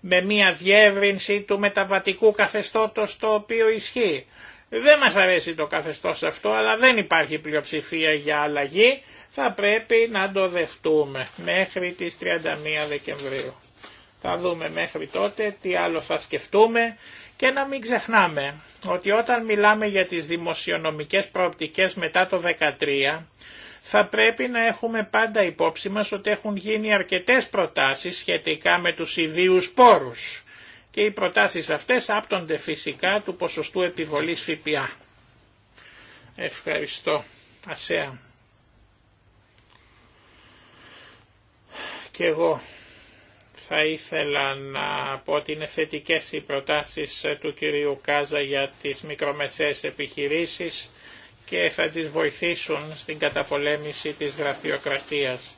με μια διεύρυνση του μεταβατικού καθεστώτος το οποίο ισχύει. Δεν μας αρέσει το καθεστώς αυτό, αλλά δεν υπάρχει πλειοψηφία για αλλαγή. Θα πρέπει να το δεχτούμε μέχρι τις 31 Δεκεμβρίου. Θα δούμε μέχρι τότε τι άλλο θα σκεφτούμε και να μην ξεχνάμε ότι όταν μιλάμε για τις δημοσιονομικές προοπτικές μετά το 2013, θα πρέπει να έχουμε πάντα υπόψη μας ότι έχουν γίνει αρκετές προτάσεις σχετικά με τους ιδίους πόρους και οι προτάσεις αυτές άπτονται φυσικά του ποσοστού επιβολής ΦΠΑ. Ευχαριστώ. Ασέα. Και εγώ θα ήθελα να πω ότι είναι θετικές οι προτάσεις ε, του κυρίου Κάζα για τις μικρομεσαίες επιχειρήσεις και θα τις βοηθήσουν στην καταπολέμηση της γραφειοκρατίας.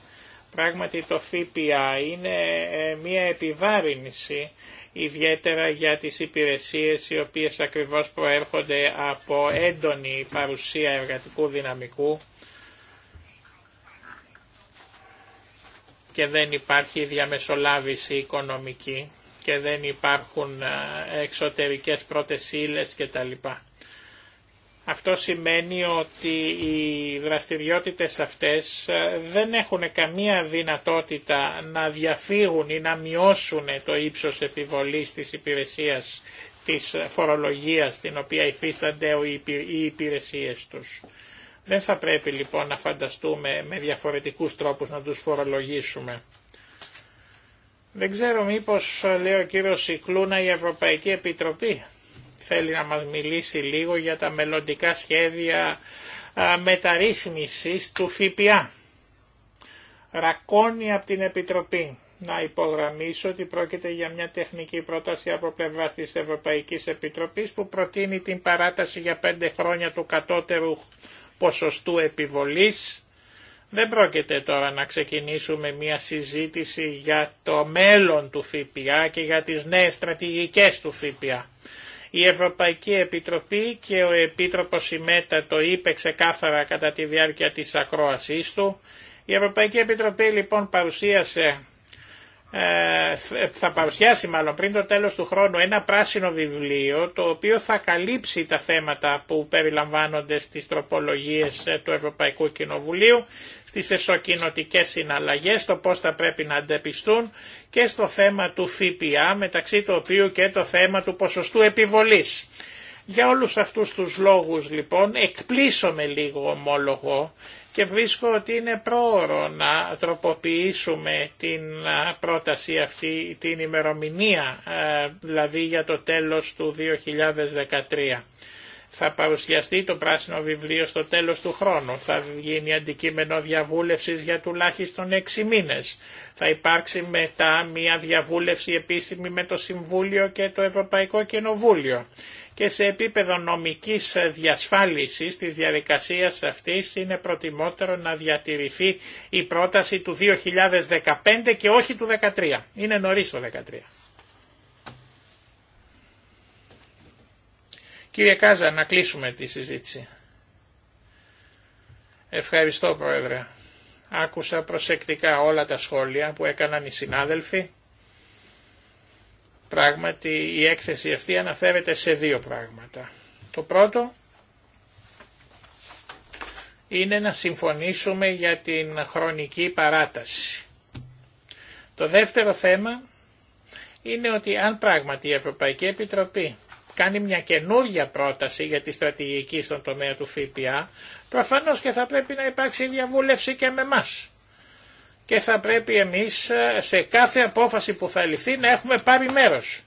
Πράγματι το ΦΠΑ είναι ε, μια επιβάρυνση ιδιαίτερα για τις υπηρεσίες οι οποίες ακριβώς προέρχονται από έντονη παρουσία εργατικού δυναμικού και δεν υπάρχει διαμεσολάβηση οικονομική και δεν υπάρχουν ε, εξωτερικές πρότεσίλες κτλ. Αυτό σημαίνει ότι οι δραστηριότητες αυτές ε, δεν έχουν καμία δυνατότητα να διαφύγουν ή να μειώσουν το ύψος επιβολής της υπηρεσίας, της φορολογίας την οποία υφίστανται οι υπηρεσίες τους. Δεν θα πρέπει λοιπόν να φανταστούμε με διαφορετικούς τρόπους να τους φορολογήσουμε. Δεν ξέρω μήπως, λέει ο κύριος Σικλούνα, η Ευρωπαϊκή Επιτροπή θέλει να μας μιλήσει λίγο για τα μελλοντικά σχέδια μεταρρύθμισης του ΦΠΑ. Ρακώνει από την Επιτροπή. Να υπογραμμίσω ότι πρόκειται για μια τεχνική πρόταση από πλευρά τη Ευρωπαϊκή Επιτροπή που προτείνει την παράταση για πέντε χρόνια του κατώτερου ποσοστού επιβολής. Δεν πρόκειται τώρα να ξεκινήσουμε μια συζήτηση για το μέλλον του ΦΠΑ και για τις νέες στρατηγικές του ΦΠΑ. Η Ευρωπαϊκή Επιτροπή και ο Επίτροπος Σιμέτα το είπε ξεκάθαρα κατά τη διάρκεια της ακρόασής του. Η Ευρωπαϊκή Επιτροπή λοιπόν παρουσίασε ε, θα παρουσιάσει μάλλον πριν το τέλος του χρόνου ένα πράσινο βιβλίο το οποίο θα καλύψει τα θέματα που περιλαμβάνονται στις τροπολογίες ε, του Ευρωπαϊκού Κοινοβουλίου, στις εσωκοινοτικές συναλλαγές, το πώς θα πρέπει να αντεπιστούν και στο θέμα του ΦΠΑ μεταξύ του οποίου και το θέμα του ποσοστού επιβολής. Για όλους αυτούς τους λόγους λοιπόν με λίγο ομόλογο και βρίσκω ότι είναι πρόωρο να τροποποιήσουμε την πρόταση αυτή, την ημερομηνία, δηλαδή για το τέλος του 2013. Θα παρουσιαστεί το πράσινο βιβλίο στο τέλος του χρόνου. Θα γίνει αντικείμενο διαβούλευσης για τουλάχιστον έξι μήνες. Θα υπάρξει μετά μια διαβούλευση επίσημη με το Συμβούλιο και το Ευρωπαϊκό Κοινοβούλιο και σε επίπεδο νομικής διασφάλισης της διαδικασίας αυτής είναι προτιμότερο να διατηρηθεί η πρόταση του 2015 και όχι του 2013. Είναι νωρίς το 2013. Κύριε Κάζα, να κλείσουμε τη συζήτηση. Ευχαριστώ Πρόεδρε. Άκουσα προσεκτικά όλα τα σχόλια που έκαναν οι συνάδελφοι. Πράγματι η έκθεση αυτή αναφέρεται σε δύο πράγματα. Το πρώτο είναι να συμφωνήσουμε για την χρονική παράταση. Το δεύτερο θέμα είναι ότι αν πράγματι η Ευρωπαϊκή Επιτροπή κάνει μια καινούργια πρόταση για τη στρατηγική στον τομέα του ΦΠΑ, προφανώς και θα πρέπει να υπάρξει διαβούλευση και με μας και θα πρέπει εμείς ε, σε κάθε απόφαση που θα ληφθεί να έχουμε πάρει μέρος.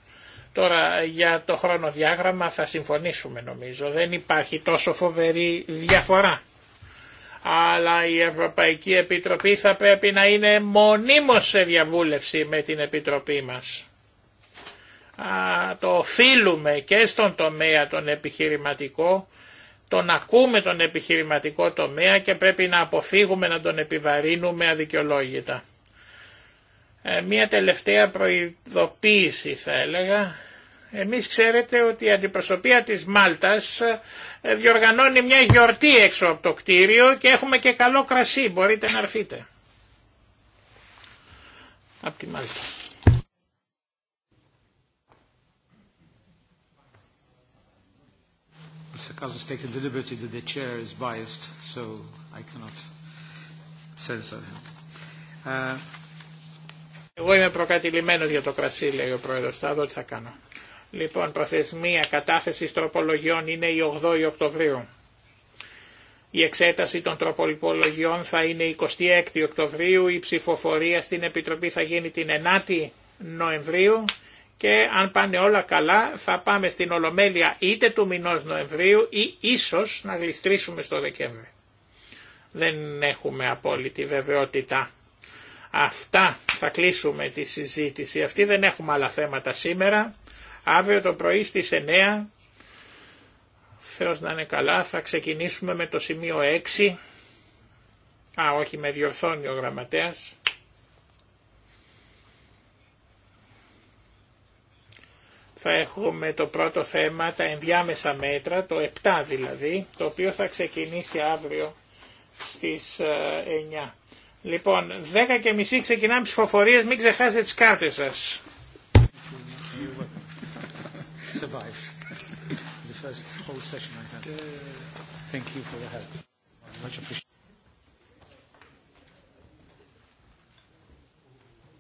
Τώρα για το χρονοδιάγραμμα θα συμφωνήσουμε νομίζω, δεν υπάρχει τόσο φοβερή διαφορά. Αλλά η Ευρωπαϊκή Επιτροπή θα πρέπει να είναι μονίμως σε διαβούλευση με την Επιτροπή μας. το οφείλουμε και στον τομέα τον επιχειρηματικό τον ακούμε τον επιχειρηματικό τομέα και πρέπει να αποφύγουμε να τον επιβαρύνουμε αδικαιολόγητα. μια γιορτή έξω από το κτίριο και έχουμε και καλό κρασί. Μπορείτε να έρθείτε. Από τη Μάλτα. the the chair is biased, so I cannot him. Uh, Εγώ είμαι προκατηλημένος για το κρασί, λέει ο Πρόεδρος. Θα δω τι θα κάνω. Λοιπόν, προθεσμία κατάθεσης τροπολογιών είναι η 8η Οκτωβρίου. Η εξέταση των τροπολογιών θα είναι 26 Οκτωβρίου, η ψηφοφορία στην Επιτροπή θα γίνει η η την 9η Νοεμβρίου και αν πάνε όλα καλά θα πάμε στην Ολομέλεια είτε του μηνός Νοεμβρίου ή ίσως να γλιστρήσουμε στο Δεκέμβρη. Δεν έχουμε απόλυτη βεβαιότητα. Αυτά θα κλείσουμε τη συζήτηση. Αυτή δεν έχουμε άλλα θέματα σήμερα. Αύριο το πρωί στις 9, Θεός να είναι καλά, θα ξεκινήσουμε με το σημείο 6. Α, όχι, με διορθώνει ο γραμματέας. θα έχουμε το πρώτο θέμα, τα ενδιάμεσα μέτρα, το 7 δηλαδή, το οποίο θα ξεκινήσει αύριο στις 9. Ε, λοιπόν, 10 και μισή ξεκινάμε ψηφοφορίες, μην ξεχάσετε τις κάρτες σας. Thank you